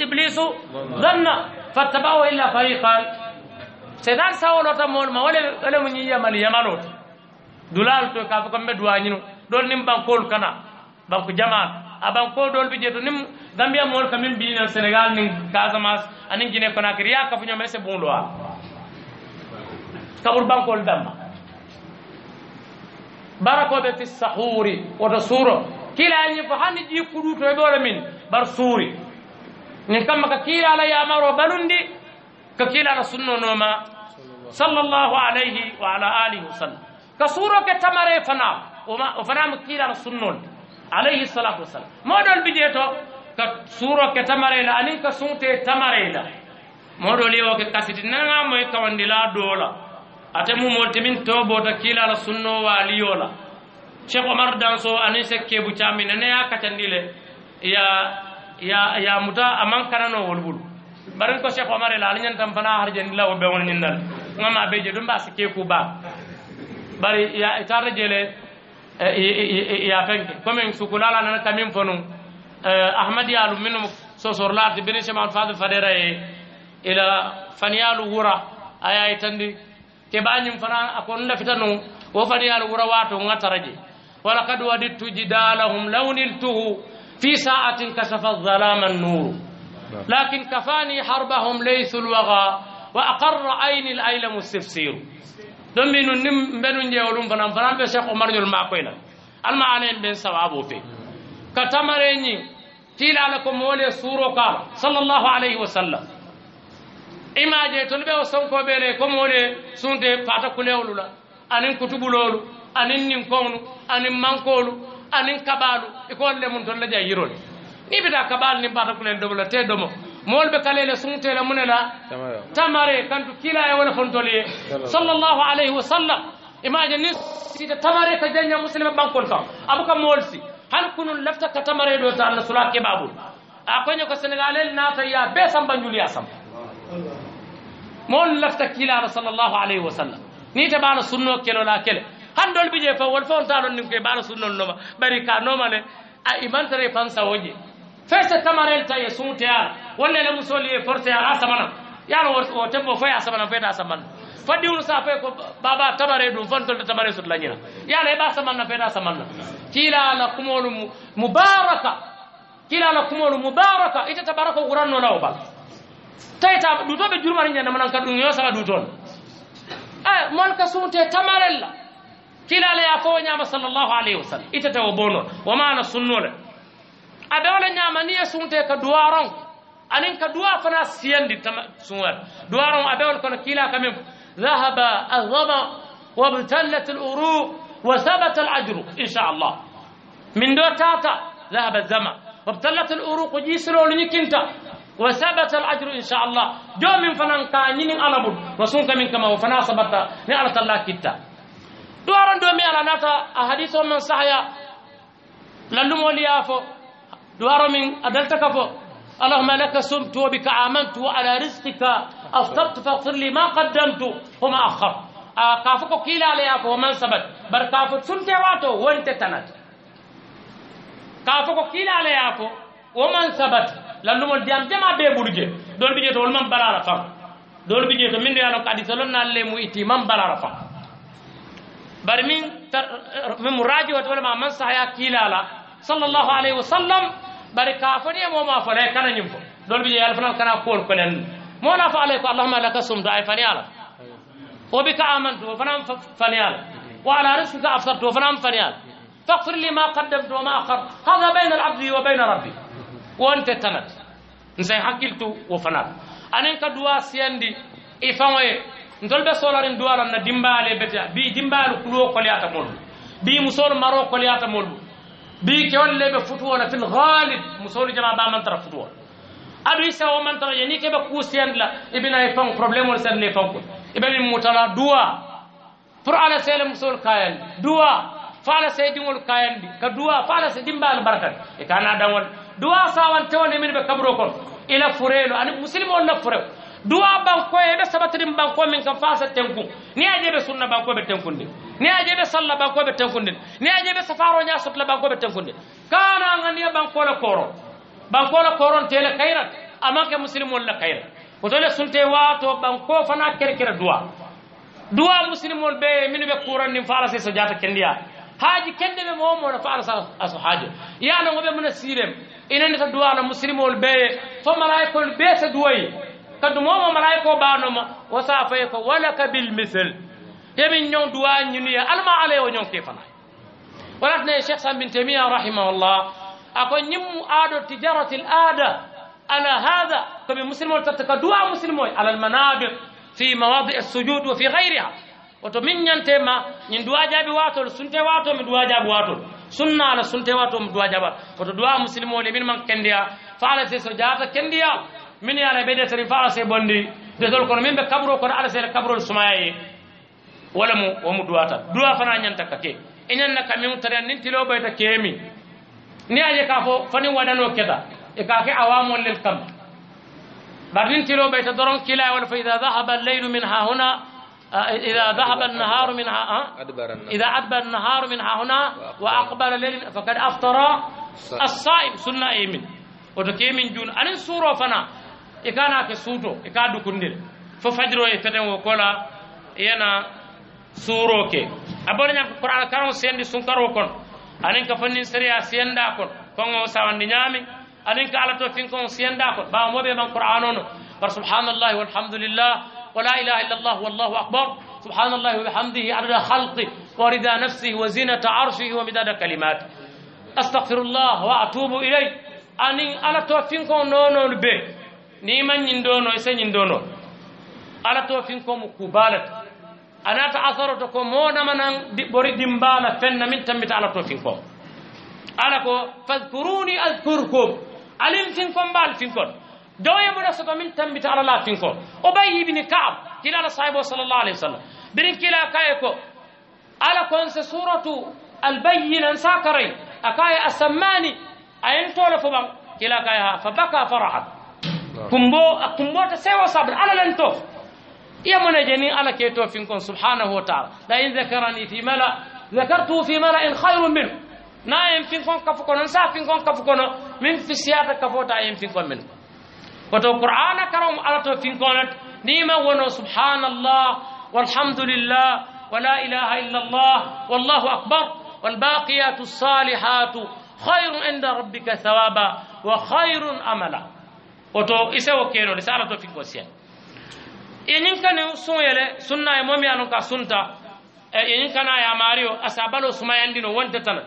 iblisu danna fattabaho illa fariqan setan sawolota moluma wale mu ñiyamal yamaloto dulal to ka fo kamɓe duwañino ɗon nim bankolu kana banko jamaɗo aban ko dol bi jeto nim gambia mo ko min binin senegal ni casamance anin gine ko nak riya ka fuño mese bon loi tawul bankol damba barako be fi sahuri wa rasuro kila ni fa hanni ji ƴi kuɗuto be wala min bar suri ni kam ka kila la ya maro balundi ka kila sunno no ma sallallahu alayhi wa ala alihi wasallam ka suro ke tamare fana وما fana كيلا سنون alayhi salatu wasallam moɗol mbijeeto ko suuro ke tamareyla anin ko suute tamareyla moɗol yewoke kasiti nanamoye kawandi la doola ate mumol timin toobota kiilala sunnowaaliyola cheikh omar danso anin se keebu camine ne ya kacandi le ya ya ya muta a man kananowol wul barin ko cheikh omar ela aliñan tan fana harjandi la wo ɓewonañinnal gama beje dumba si keeku ba bari ya tarde jeele ya fenke comme sukulala nana kamin fonu ahmad yalu minum sosorlaati bini seman fadu fadera ye ila faniyalu wura aya itandi kebañum fana akon lafita nu wo faniyalu wura wato nga taraje walakad wadittu jidalahum law niltuhu fi sa'atin kasafa dhalama an-nur lakin kafani harbahum laysu al-waga wa aqarra ayni al-aylamu istifsiru don minu nim mbenu njewolum fanan fanan ɓe cheikh omar ñol makoy la alma anen ɓen sawabo fe ka tamareñi tiilala ko mo wole suuro ka sallllahu alayhi wa sallam imaje tol ɓe o sonkoɓele komo wole sunde fata kulewolu la anin kutubulolu anin ninkownu anin mankolu anin kaɓalu iko wolle mum tolle ja yirole ni bita kaɓal nin fata kulen doɓola te domo مول بكاليل سنتي لمنلا تمري كانت كلا ولا فندولي صلى الله عليه وسلم imagine ni sita tamare ka janya muslima bankon kan abu ka molsi hal kunun lafta ka tamare do ta Allah sulake babu akonyo ka senegalel na ta ya be sam banjuli asam mol lafta kila sallallahu alaihi wasallam ni ta bala sunno kelo la kele handol bije fa wol fa on ta non ni ke bala sunno no bari ka no male a imantare fansa woje fese tamarelta ye suuteyala walla le musol ye forceyala a samana yala o tembo foye a samana feta samanna faddiwlu sa foye ko baba tamare ɗum fontolte tamare la sotla ñina ba asamana samanna feta kila kiilala kumolu mubaraka eh, kila kiilala kumolu mubaraka ite tabaraka o ɓuranno lawo bal tawita ɗutoɓe jurmani ñandemanan ka ɗum yo saga ɗutone ka molka suute tamarella kiilala ya fo ñama sallllahu alayhi wa sallam ite wa bonon womana sunnole abe wala ñama ni ye sunte ka duwaron anin ka duwa fana siyandi tama sunwar duwaron abe wala kila kamin dhahaba adhama وابتلت الأروق وثبت الأجر إن شاء الله من دو تاتا ذهب الزمن وابتلت الأروق جيسر لنكنتا وثبت الأجر إن شاء الله جو من فنان كانين أنا بود رسولك من كما وفنا ثبت نعرة الله كتا دوارا دومي على ناتا أحاديث من صحيا لندم وليافو دوار من أدلت كفو اللهم لك سمت وبك آمنت وعلى رزقك أفطرت فاغفر لي ما قدمت وما أخر آه كافوكو كيلا أفو ومن سبت بر كافو سنت واتو وانت تنت كافوكو كيلا لي أفو ومن سبت لأنه من ديام جمع بي برجي دول بيجي ولمن برا رفا دول بيجي من ديانو قادي سلونا اللي مؤتي من برا رفا بر من تر من مراجعة ولا ما من صحيا كيلا صلى الله عليه وسلم bari kafani mo ma le kana nyim fo dol bi yalla fanal kana kor ko len mo na fa alayka allahumma laka sumdu ay fani ala wa bika amantu wa fanam fani ala wa ala rizqika afsartu wa fanam fani ala فاغفر لي ما قدمت وما اخرت هذا بين العبد وبين ربي وانت تنت نسي حكيلتو وفنات anin ka duwa siyandi i faŋo ye ntolu be solarin duwa lonna dimbaale beteya bi dimbaalu kuluwo koliyata molu bi musolu maroo بيك يولي بفتوة في الغالب مسؤول جماعة بامن ترى فتوة أبي سوى من ترى يعني كيف كوسيان لا ابن يفهم problem ولا سن يفهم ابن مطلع دوا فرعنا سيل مسؤول كائن دوا fala sey dingol kayandi ka duwa fala sey dimbal barakat e kana dangol duwa sawan tewne min be kabro kon ila furelo ani muslimo on nafure duwa banko e be sabatrim banko min kan fasa tenku ni aje be sunna banko be tenkunde ni a je ɓe salla banko ɓe tenfundin ni a je ɓe safaroña sotla banko ɓe tenfundin kana anganiya bankola koro bankola koron tele kayrat amanke musilimol la kayrat wotole sunte wato banko fana kerekere duwa duwa musilimol ɓe minu ɓe kurannin fa ala sey so jata kendiya haaji kende ɓe momono fa ala aso haajo yano goɓe muna siirem inani to duwano musilimol ɓeye fo malaykol ɓe so duwayi kadu momo malayko ɓanoma wo sa fayi ko walaka bilmisle يمين يوم دوان ينيا ألم عليه ونيوم كيفنا ولكن الشيخ سام بن تيمية رحمه الله أكون نم آدو تجارة الآدة على هذا كم مسلم تتك دعاء مسلم على المنابر في مواضع السجود وفي غيرها وتمين ينتما ين دعاء جابي واتو سنتي واتو من دعاء جابي واتو سنة على سنتة واتو من دعاء جابي فتو دعاء مسلم ولي من كنديا فعلت سجادة كنديا من يعني بيدة سرين فعلت سيبوندي دي دول كون من بكبرو كون على سير كبرو السمايه wala mu wo mu duwata duwa fana nyanta kake ke i ñanna ka nin tilo bayta kemi ni aje ka fo faniŋ wadanoo keda e ka ke awamol lil kam bar nin tilo bayta doron kila wal fa ida dahaba alleilu min ha huna إذا ذهب النهار من ها إذا أدبر النهار من ها هنا وأقبل الليل فقد أفطر الصائم سنة إيمن وتكي من جون أن سورة فنا إكانا كسوتو إكادو كندل ففجروا يفتن وقولا ينا suroke ke a baɗañan karo sendi sunkaro kon anen ka fannin sariya senda kon kon o sawandi nyami anen ka ala to kon senda kon ba mo be man qur'an ono par subhanallahi walhamdulillah wa la ilaha illa llah wallahu akbar subhanallahi wa bihamdihi adada khalqi wa rida nafsihi wa zinata arshihi wa midada kalimat astaghfirullah wa atubu iley anin ala to finkon nonon be ni man ñindono e se ñindono ala to finkomo kubalata anata asaroto ko monamanan ɓori dimbala fenna min tambita ala to finkon ala ko fadkuruni adkurkum alim finkon mbal finkon doye mona soko min tambita ala la finkon obay ibni kaab kilala sahibo sallallah alayhi wa sallam birin kila kaye ko ala kon se suratu albayinan sakaray akaye asammani ayen tolo fo ɓan kila kaye ha fa baka farahat kumbo kumbota sewo sabre ala len tof يا من جني على كيتو فينكم سبحانه وتعالى لئن ذكرني في ملأ ذكرته في ملأ خير منه نايم فينكم كفكم نسا فينكم كفكون من في سيادة كفوتا يم فينكم منه كتو القرآن كرم على تو فينكم نيما ونو سبحان الله والحمد لله ولا إله إلا الله والله أكبر والباقيات الصالحات خير عند ربك ثوابا وخير أملا وتو إسا وكيرو لسالة فينكم سيادة yeñin kane sun yele sunna ye momi anon ka sunta e, yeñin kana yamario asa balo sumayandino wonte tana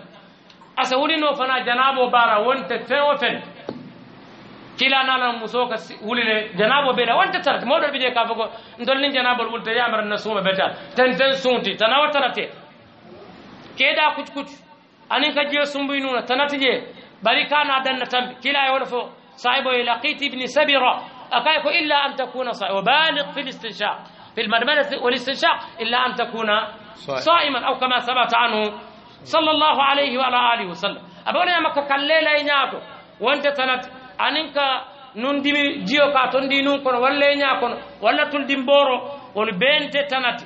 asa wulino fana janabo bara wonte fen o fen kila na muso ka wuli wulile janabo beɗa wonte tanate moɗol ɓiɗe ka fogo dolnin janabol wulta yamaranna suuma ɓeta ten ten sunti tanawa tanate keeɗa kuckuc anin ka je jeyo nuna tanati je bari kana na tambi kila e wona fo sahibo e laqit ibni sabira أكايكو إلا أن تكون صائما وبالغ في الاستنشاق في المرملة والاستنشاق إلا أن تكون صائما أو كما ثبت عنه صلى الله عليه وعلى آله وسلم أبونا يمكو كالليلة إنياكو وانت تنت أنك نندمي جيوكا كاتون دي ولا إنياكون ولا تلدم بورو والبنت تنت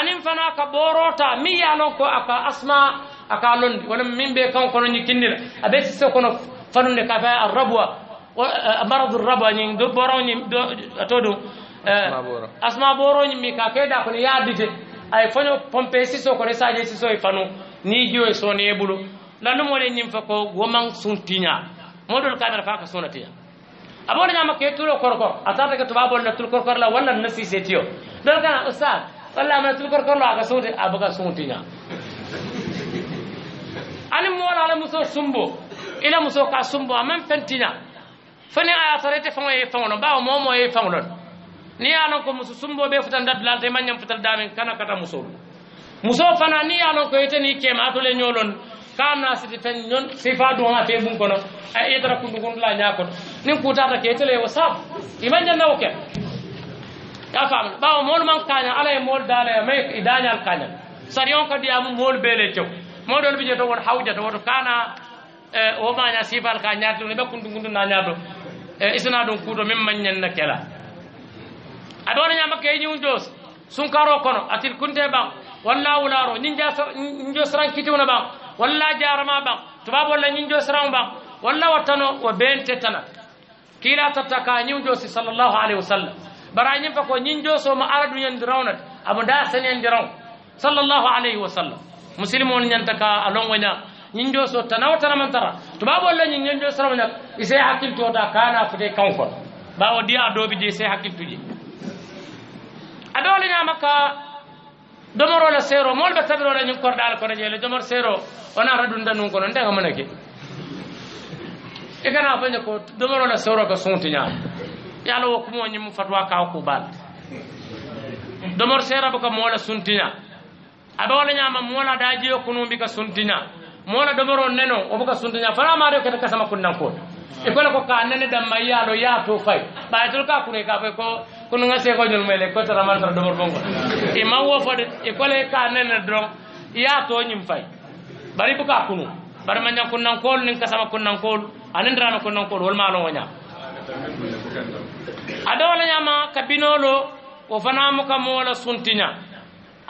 أنين فنا كبوروتا مي ألونكو أكا أسماء أكا لندي ولم من بيكون كونو نيكينير أبيت سيكون فنون كفاء الربوة مرض الربا نين دو بورو نين دو اتودو asma boro nyin mi ka keda ko ni yadite ay fonyo pompe siso ko resaje siso e fanu ni jiwe so ne bulo lanu mo len nyim fa ko woman suntinya modol kamera fa ka sonatiya abona nyama ke turo korko atata ke tuba bonna turo korko la wala nasi setiyo dol kana ustad wala ma turo korko la ka sunti abuka suntinya ani mo wala muso sumbo ila muso ka sumbo amam fentinya fani aya sarete faŋo ye faŋo loŋ bawo momo ye faŋo loŋ ni ye loŋ ko musu sumbo be futan da dulalta i maŋ futal damin kana kata musolu muso fana ni ye loŋ ko ite ni kema atole ñoo loŋ ka na siti fen ñon sifa duŋa te bun kono a itara kundukundula ñakono nin kutata ke itele wo saabu i maŋ ñanna wo ken ya famna bawo moolu maŋ kaña ala ye moolu dala ya mai i dañal kañal sarion ka diyamu moolu bele cew moodolu bi jeto won hawjata woto kana eh, wo maña sifal ka ñatilo ni ɓe kundukundu na ñatilo e don kuuto min manyan mañanna kela aɗa wona ñama keñium jos sunkaro kono atil kunte ɓan walla wularo ñinja ñinjo saran kitiwna ɓan walla jarama ɓan tubabu walla ñinjo saran ɓan walla wattano wo ɓen wa kiila tatta ka ñiw josi sallllahu alayhi wa sallam bara ñin fa ko ñin josoma ala duñandi rawnat amo da senendi raw sallllahu alaihi wa sallam musilme on ñanta ka a longoña ñiŋ joo so tanawo tanaman tara tubaaboolu la ñiŋ ñiŋ joo soromo ñak i se hakkil toota kaana fute kaŋ kono bawo diya bi je i se hakkil tuje a doolu ñaama domoro la sero mol be tabiro la ñiŋ kordaal ko reje le domoro sero ona naata dunta nuŋ kono nte ka mana ke i kana fanya ñe ko domoro la sero ka suŋti nya ya a la wo kumoo ñiŋ mu fatuwa kaa ku baal domoro seera buka moo la sunti a be wo le ñaama moo da daa jeo kunuŋ bi ka nya mola domoro neno obuka sundunya fala mario kata kasama kunna ko mm. e kola ko kanene damma yalo ya to fay bay tol ka kure ka ko kunu ngase ko nyul mele ko tara man tara bongo e ma wo fode e kola ka nene dron ya to nyim fay bari buka kunu bari man nyankun nan kol nin kasama kun nan kol anen drama kun nan kol wol ma no nya adawala nyama kabinolo o fanamu ka mola suntinya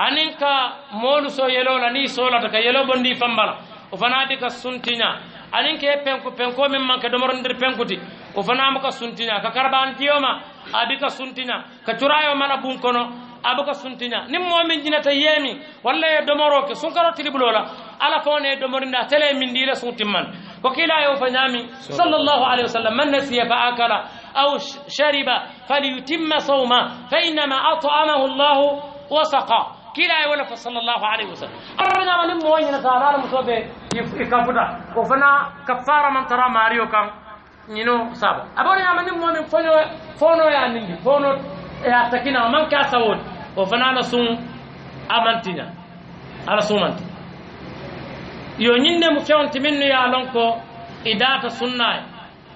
anin ka moolu so yelola ni solata ka yelo bondi fambala o fanati ka suntiña anin ke penku penko min manke domorondir penkuti o fanama ka suntiña ka karban diyoma abi ka suntiña ka curayo mana bun kono abu ka suntiña nin momin jinata yemi walla ye domoro ke sunkaro tilibulola ala fone domorinda tele min dila suntimman ko kila yo fanyami sallallahu alaihi wasallam man nasiya fa akala aw shariba falyutimma sawma fa inma at'amahu allah wa saqa kila ye wala fa sallallahu alaihi wasallam arna man mo yina sala muso be ikafuta ko fana kafara man tara mariyo kan ñino saba abori ama nim momin fono fono ya nindi fono ya takina man ka sawot o fana la sun amantinya ala sumanti yo ñinne mu fewnti minnu ya lonko idata sunna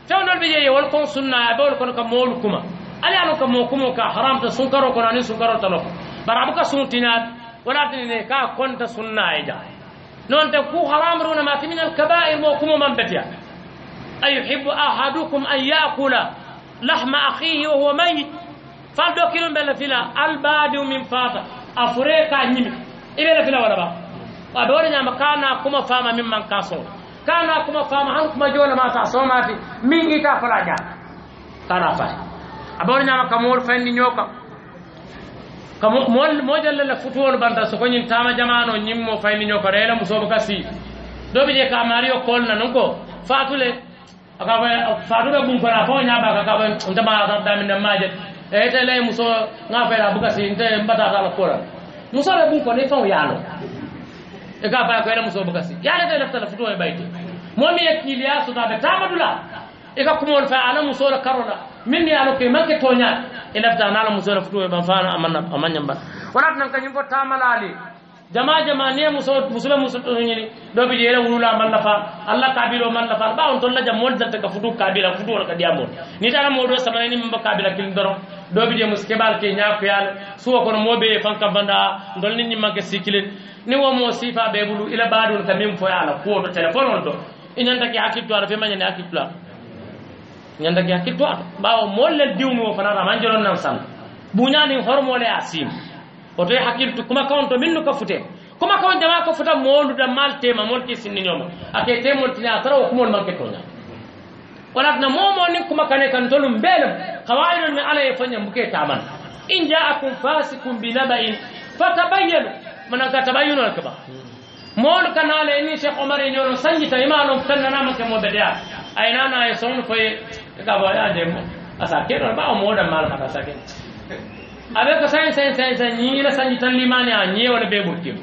fewnol be je wol kon sunna be wol kon ka mol kuma ala lon ka mo kuma ka haramta sunkaro kono ani sunkaro taloko barabuka suntinat walatinine ka konta sunnaye ja nonte ku haramruna ma ti min alkabair mo kumo man betiya ayuhibu ahadukum an yakula lahma akhihi wa huwa mayit fal do kilum bella fila albadiu min fata a fure ka ñimi ibela fila wala ba a dore ñama kana kuma fama min man ka so kana kuma fama han kuma jola mata somati min ita fala ja kana fa a dore ñama kamol fandi ñokam ka mojalle la futuwolu banta soko ñin tama jamano ñin mo fayni ño kono ela musobo ka si do bi je ka mario kol na nuko fatule aka ba fatule ko na fo nya ba ka ba unta ba ka da min ma je e te le muso nga fa la buka si nte mbata ta la kora muso le bun ko ne fa e ka ba ko ela musobo ka si yale te le ta futuwo e ɓayte momi mi ye so da be tamadula ika kumol fa ala musola karola min ya loke manke tonya ila ta ala musola futu ba fa na amanna amanya ba wala nan kanyim bo tamala ali jama jama ne muso musula muso to nyini do bi yele wulula man nafa alla kabilo man nafa ba on tolla jam mon zalta ka futu kabila futu wala ka diamon ni tara modo samane ni mba kabila kin doro do bi je muskebal ke nya ko yal suwa kono mobe fanka banda ndol ni manke sikilin ni wo mo sifa be bulu ila badun tamim fo yala ko to telephone on to inanta ki hakittu ala fe manyane hakittu ala ñanda ke hakkil to ato ɓawo mollel diwmi o fana aman jelon nan san buñanin hormole a siim oto e hakkiltu kuma kawon to minnu ka fute kuma kawon jama ka futa moluda mal tema mol ki sinniñoma ake temol tini a tara o kumol manke toña walatna momo nin kuma kane kan tolum mbeelem kawailol mi ala e foña mbuke taman in jaakum fasikum bi naba'in fatabayyanu manan ka tabayyunol keɓa moolu kana ala ni cheikh omar e ñonon sanjita ima non tannanamake mo ɓeɗeya aynana e sowno koye kaba ya mu asa ba o modan mal mata sake abe ko sai sai sai sai ni la sanji tan limani a ni wala be burki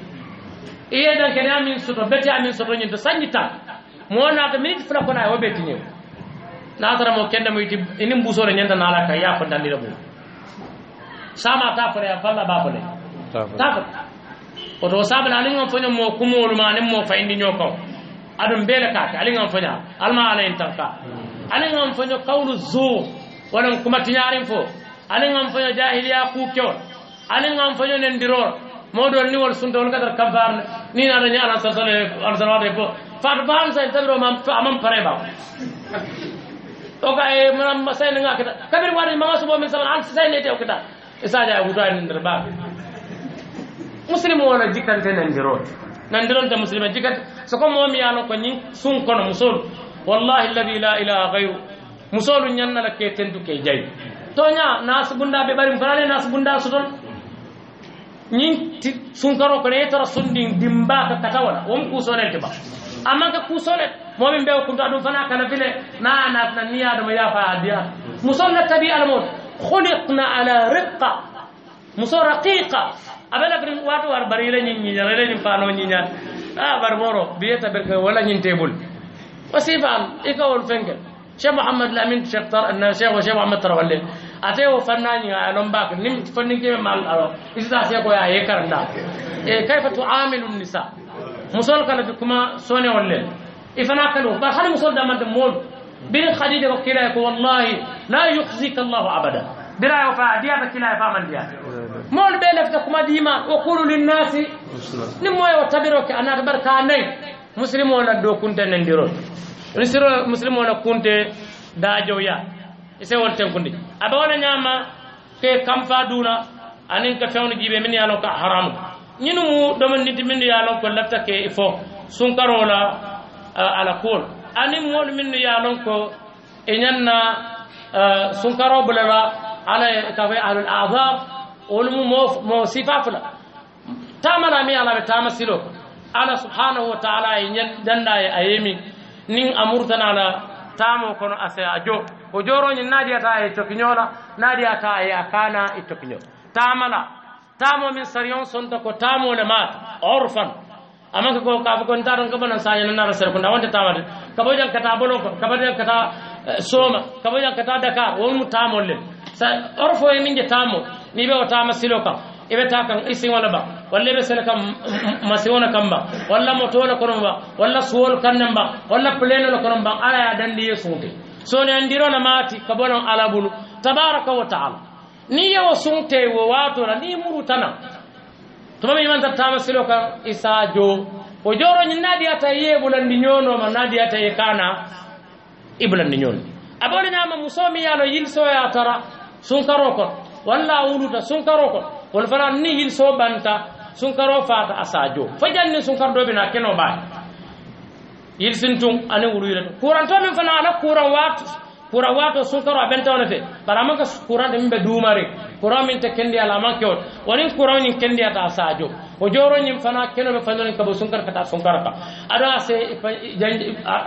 iye dan min soto beti min soto ni to sanji tan mo na to min fula ko na o beti ni na tara mo kende mo yiti ini mbuso nala ka ya ko dan dira bu sama ta fara ya falla ba bole ta ko o to sabana ni mo fonyo mo kumolu ma ni mo fa nyoko adum bele ka ali ngam fonya alma ala intanka hmm. anin an fanyo qawlu zu wonon kuma tiñarin fo anin an fanyo jahiliya ani nga an fanyo nendirol moɗol ni wol suntawol kadar kabar ni nana ñi alan sasale arsanwaɗe fo fat baan sa tabiro amam pare ba o ka e eh, manam sayne nga kita kabir wadi maga subo min saban an sayne tew kita isa sadia wuto ani nder ba muslim wona jikkante nendirol nandirol te muslima jikkante so comme momi yano ko ñin sun kono musol والله الذي لا إله غيره مسول نيان لا كيتن تو كي جاي تونيا ناس بوندا بي باري فرالي ناس بوندا سوتون نين سونكارو كني ترى سوندين ديمبا كتاولا وم كوسونل تبا اما كوسونل مؤمن بيو كنت ادو فنا كان فيله نا نا نيا دم يا ديا مسول تبي الموت خلقنا على رقه مسول رقيقه abela bari واتو war bari نين ñi ñi la ñi faano ñi ñaan ah bar boro bieta berke wala وسيفهم إيكول فنجل شيخ محمد لامين شيخ طار إن شيخ وشيخ محمد ترى ترولين أتى وفنان يا لون باك نم فنان كي مال أرو إذا شيخ يا يكرنا إيه، كيف تعامل النساء مسؤول كان في كما سوني ولين إفنا كانوا بحال مسؤول دام مول بين خديجة وكلا يقول والله لا يخزيك الله أبدا بلا يوفى ديا يفا من ديا مول بيلك تكما ديما وقولوا للناس نمو يوتبرك أنا أكبر كانين muslimo na do kunte nandirol ɗum siro muslimo na kunte dajoya ise wol tenkundi aɓa wona ñama ke kam fa duna anin ka fewno jiiɓe min yalon ka haramu ñinu mu domanditi min yalon ko latta ke fo sunkarola ala kuol ani moɗo min yalon ko e ñanna sunkaro bulala ala kafoy ahlul adab wolmu mo mo sifafula tamana mi ala ɓe tama silo ko ala subhanahu wa taala e ñaɗɗanɗa e a yemin nin a murtanaɗa tamo kono a se a jo ko joroñi naɗiyata e tokiñola naɗiyata e a kana e tokiñol tamala tamo min sarion sonta ko tamole mata orfan amanke ko kaba ko ntaɗon kabanan sañananara sere ko nda wonte tamade kaba jankata bolo ko kaba jankata eh, soma kaba jankata dakar wonmo tamol lel sa orfo e min je tamo ni ɓe o tama silo kam i bɛ taa kan isin wala ba walla ibe sene kam masiwona kam ba walla motola kono ba walla suwol ban ba walla plenola kono ban ala ya dandi ye sunte sone andirona maati ka bonon ala bulu tabaraka wa taala ni yewo sunte wo la ni muru murutana tuma mi man tattama silo kan i isa jo o joro nyi ta i ye bulandi nyono ma na nadi ata ye kana ibulandi nyono abole nyama musomi yalo yilso ya tara sunkaro kon walla awuluta sunkaro kon kono fana ni hil so banta sunkaro fata asajo fajanni sunkar do bina keno bay hil sintum ane wuru yele kuran to min fana ala kuran wat. kuran watu sunkaro abenta wona fe bara man ka kuran de mbe dumare kuran min te kendi ala man kewon woni kuran ni kendi ata asajo o joro nyim fana keno be fanoni ka bo sunkar kata sunkar ka ada se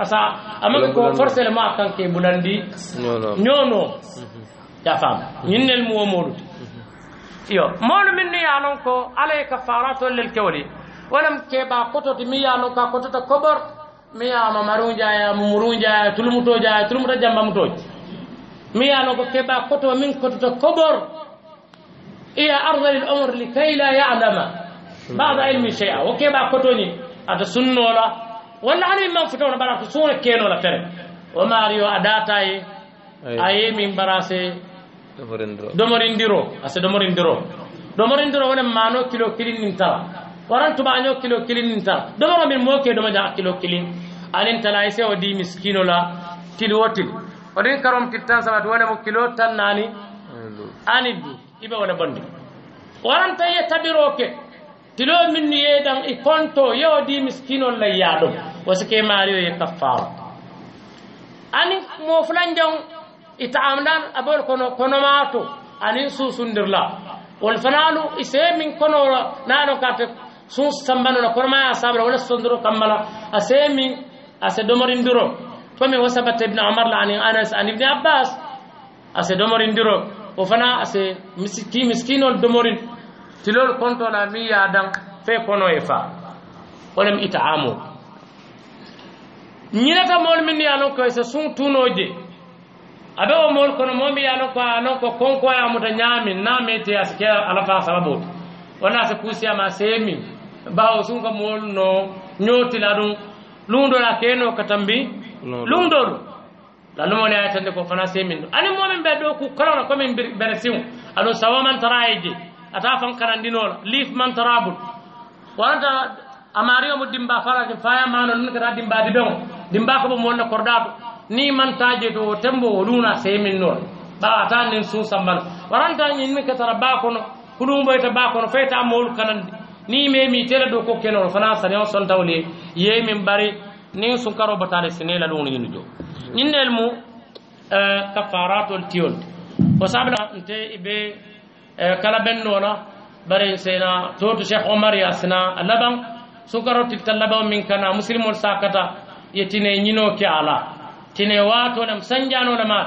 asa amaka ko forcément kan ke bulandi nyono nyono ya fam mhm. nyinnel muwo moluti يو ما نمني علنكو عليه كفارات للكولي ولم كبا قطط ميا لوكا قطط كبر ميا ممرونجا يا ممرونجا تلمتوجا تلمت جنب متوج ميا لوكا كبا قطط من قطط كبر هي ارض الامر لكي لا يعلم بعض علم شيء وكبا قطني هذا سنه ولا ولا علي من فتون بلا سنه كينو لا وما ريو اداتاي اي من براسي domorindiro asi domorindiro domorindiro wone mano kilo kilin nin tala waran tubaño kilo kilin nin tala domoro min moke domo jaa kilo kilin anin tala ay se o di miskino la til wo til odin karom kittan sabat wone mo kilo tan nani ani du iɓe wone bondi waran tan ye tabiroke tilo min nu yeydan i konto ye o di miskinol la yaa ɗum wasi ke maari o ye kaffaro anin mo fulan jan itaamdan abol kono kono konomato anin susundirla wol fanalu ise min kono nano kate sun sambanola konomaya sabra wala sondiro kamala ase min ase domorindiro fomi wo sabata ibne omar la anin anas an ibne abbas ase domorindiro o fana ase miski miskinol domorin tilol kontola mi yadan fe kono e fa wolem ita amo ñinata mool min ni alon koy sa sun tunoje aɓe o mool kono momi yano ko anon ko konkoya muta ñaamin na mete a sike alafa sababot wona so kuusiyama seemi bawo sunko mool no ñootila ɗum lundola keno ka tambi lundol lalumone ayatande ko fana semin ɗum anin momin ɓe ɗo ku korona komin bere siw aɗo sawa mantara e je ata fan karandinola liif mantarabul waranta amariyomo dimba falatin faya mano nun kata dimbadi ɓe o dimba ko ɓo mo wonno korɗaɗo ni mantaji to tembo o luna semin noon ɓawata nden suusambal waranta ñin min katara bakono huɗumboyta bakono fayta mowlu kanandi ni memi tele ɗo kokke noon fana sane on sontawle yemin ɓari nin sunkaro batale sinela ɗum ñinu jo ñinnel mu eh, kafaratol tiyol o sabla nte ɓe eh, kala ɓen noona bari sena toto cheikh omar ya sina laban sunkaro tirta laban min kana musilmol sakata yettine ñino ke ala tine waato nam sanjano na ma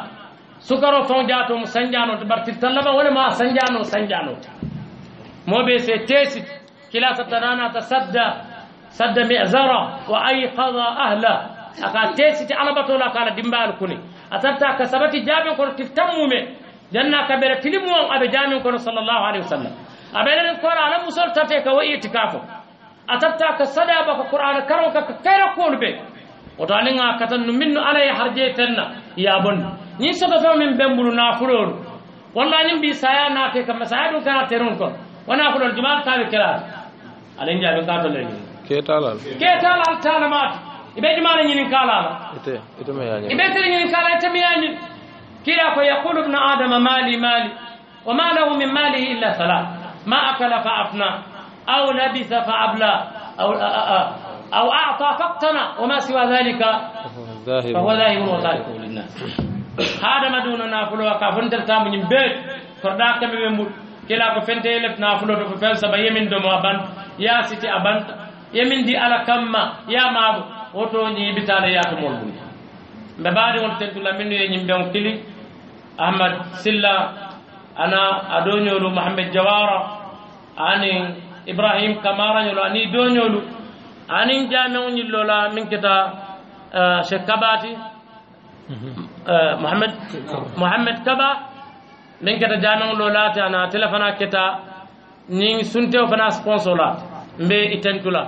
sukaro fon jato mu sanjano to bartil tallaba wala ma sanjano sanjano mo be se tesi kila satanana tasadda sadda mi'zara wa ayqadha ahla aka tesi ti alabato la kala dimbal kuni atanta ka sabati jabe ko tiftamu me janna ka bere tilimu on abe jamin ko sallallahu alaihi wasallam abe len ko ala musol tate ka wa itikafo atanta ka sadaba ko qur'an karo ka kaira ko be woto aniŋ katan nu minnu alla ye harjee tenna ye a bondi ñiŋ sotofeŋo miŋ ben bulu naafuloolu walla ñiŋ bi saya naate kamma saya dun kana teruŋ kono wo naafuloolu jumaal taabi kelaala ala ñaabe ka to le ñiŋ keetaalal keetaalal taalamaati i be jumaala ñiniŋ kaalaala i be tele ñiniŋ kaala ite miŋ ye ñiŋ kiira ko yaqulu ibnu adama maali maali wa ma lahu min maalihi illa salat ma akala fa afna aw labisa fa abla aw aw ata faktana wama siwa halika fahwa dahiru wa taliku linnas hadama duno nafuloa ka fontertamo ñim beet korɗa kamɓe ɓe mbuɗ kila ko fente lef nafulo to ko fel saba yemin domo a banta ya siti a banta yemin di ala kamma ya maɓo woto ñibitaɗo yaato mol ɗum mbe mbaɗi won tentula min ye ñim ɓen kili ahmad silla ana a doñolu mouhamed diawara ani ibrahim kamarañolu ani doñolu anin jameu ñillola min keta eh, chek kabati eh, mohamed mohamed kaba min keta jameu lolate ana téléphone a keta nin sunteo fana sponsola mbe i tentula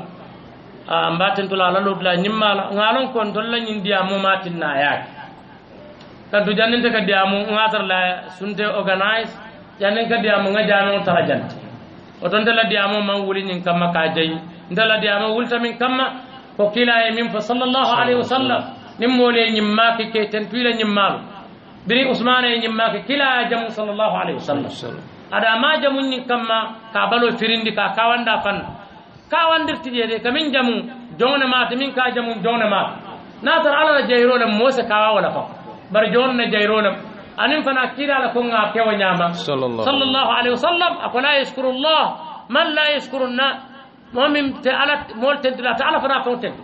mba tentula alaloudula ñimmala ngalon kon tolla ñin diya mumatinna yaake kantu jandinte ka diyamu nga tara la sunte organise jandin ka diyamu nga jameu tara jante o tontela diyamu man wuli ñin kamma ka jayi ntala diyama wulta min kamma ko kila ye min fo sallallahu alayhi wa sallam nin moolu ye ñimmaaki ke ten tuila ñimmaalu biri usmana ye ñimmaaki kila ye jamu sallallahu alayhi wa sallam ada ma jamu ñin kamma ka balo firindi ka kawanda fanna kawandirti je de kamin jamu jongna maati min ka jamu jongna maati na tara ala la jayro le moose kawa wala fa bar jonna jayro le anin fana kila la ko nga kewa nyama sallallahu alayhi wa sallam akona yashkuru allah man la yashkuru nas momin te ala mol tentula te ala fana fon tentu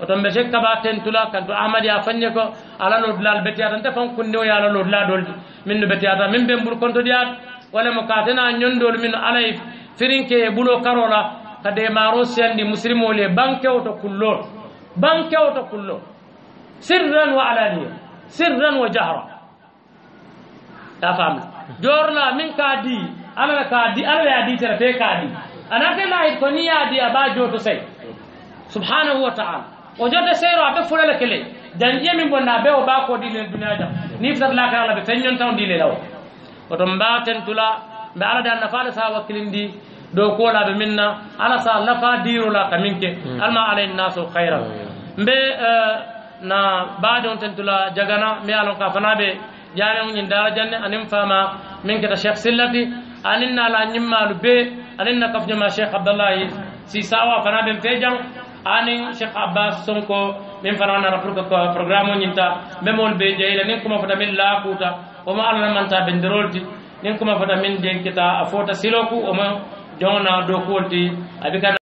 oton be sek kaba tentula kanto ahmad ya fanye ko ala no dulal betiyata nte fon kunnewo ya ala no dula doldi min no betiyata min ben bur konto diyat wala mo katena nyondol min alay firinke bulo karola kade maro sendi muslimo le banke oto kullo banke oto kullo sirran wa alaniya sirran wa jahra ta famna jorna min ka di ala ka di ala ya di tere fe ka di ana ke layit ko ni yaadi a ba jooto sey subhanahu wa taala o jotde seero a ɓe fulala keley jan ƴemi bonna be o ba ko ɗilen duniya jam ni fisatlaka allah ɓe teññon taw ndile law oto mbaten tula mbe alade an nafaade sa wakkilin ndi dow kuwoɗaɓe minna ala sa lafa dirola ka minke hmm. alma alay nnas o hayra hmm. mbe e, na mbaade on ten tula jagana mi alon ka fanaɓe jaami on ñin dara jande anin fama min keta cheikh sillati anin naala ñimmalu bee alin na kafjo ma sheikh abdullahi si sawa fana ben fejang ani sheikh abbas sonko min fana na rafu ko programme nyinta memol be jeela nin kuma fata min la kuta o ma alla man ben dirolti nin kuma fata min den kita afota siloku o ma jona do kulti. abika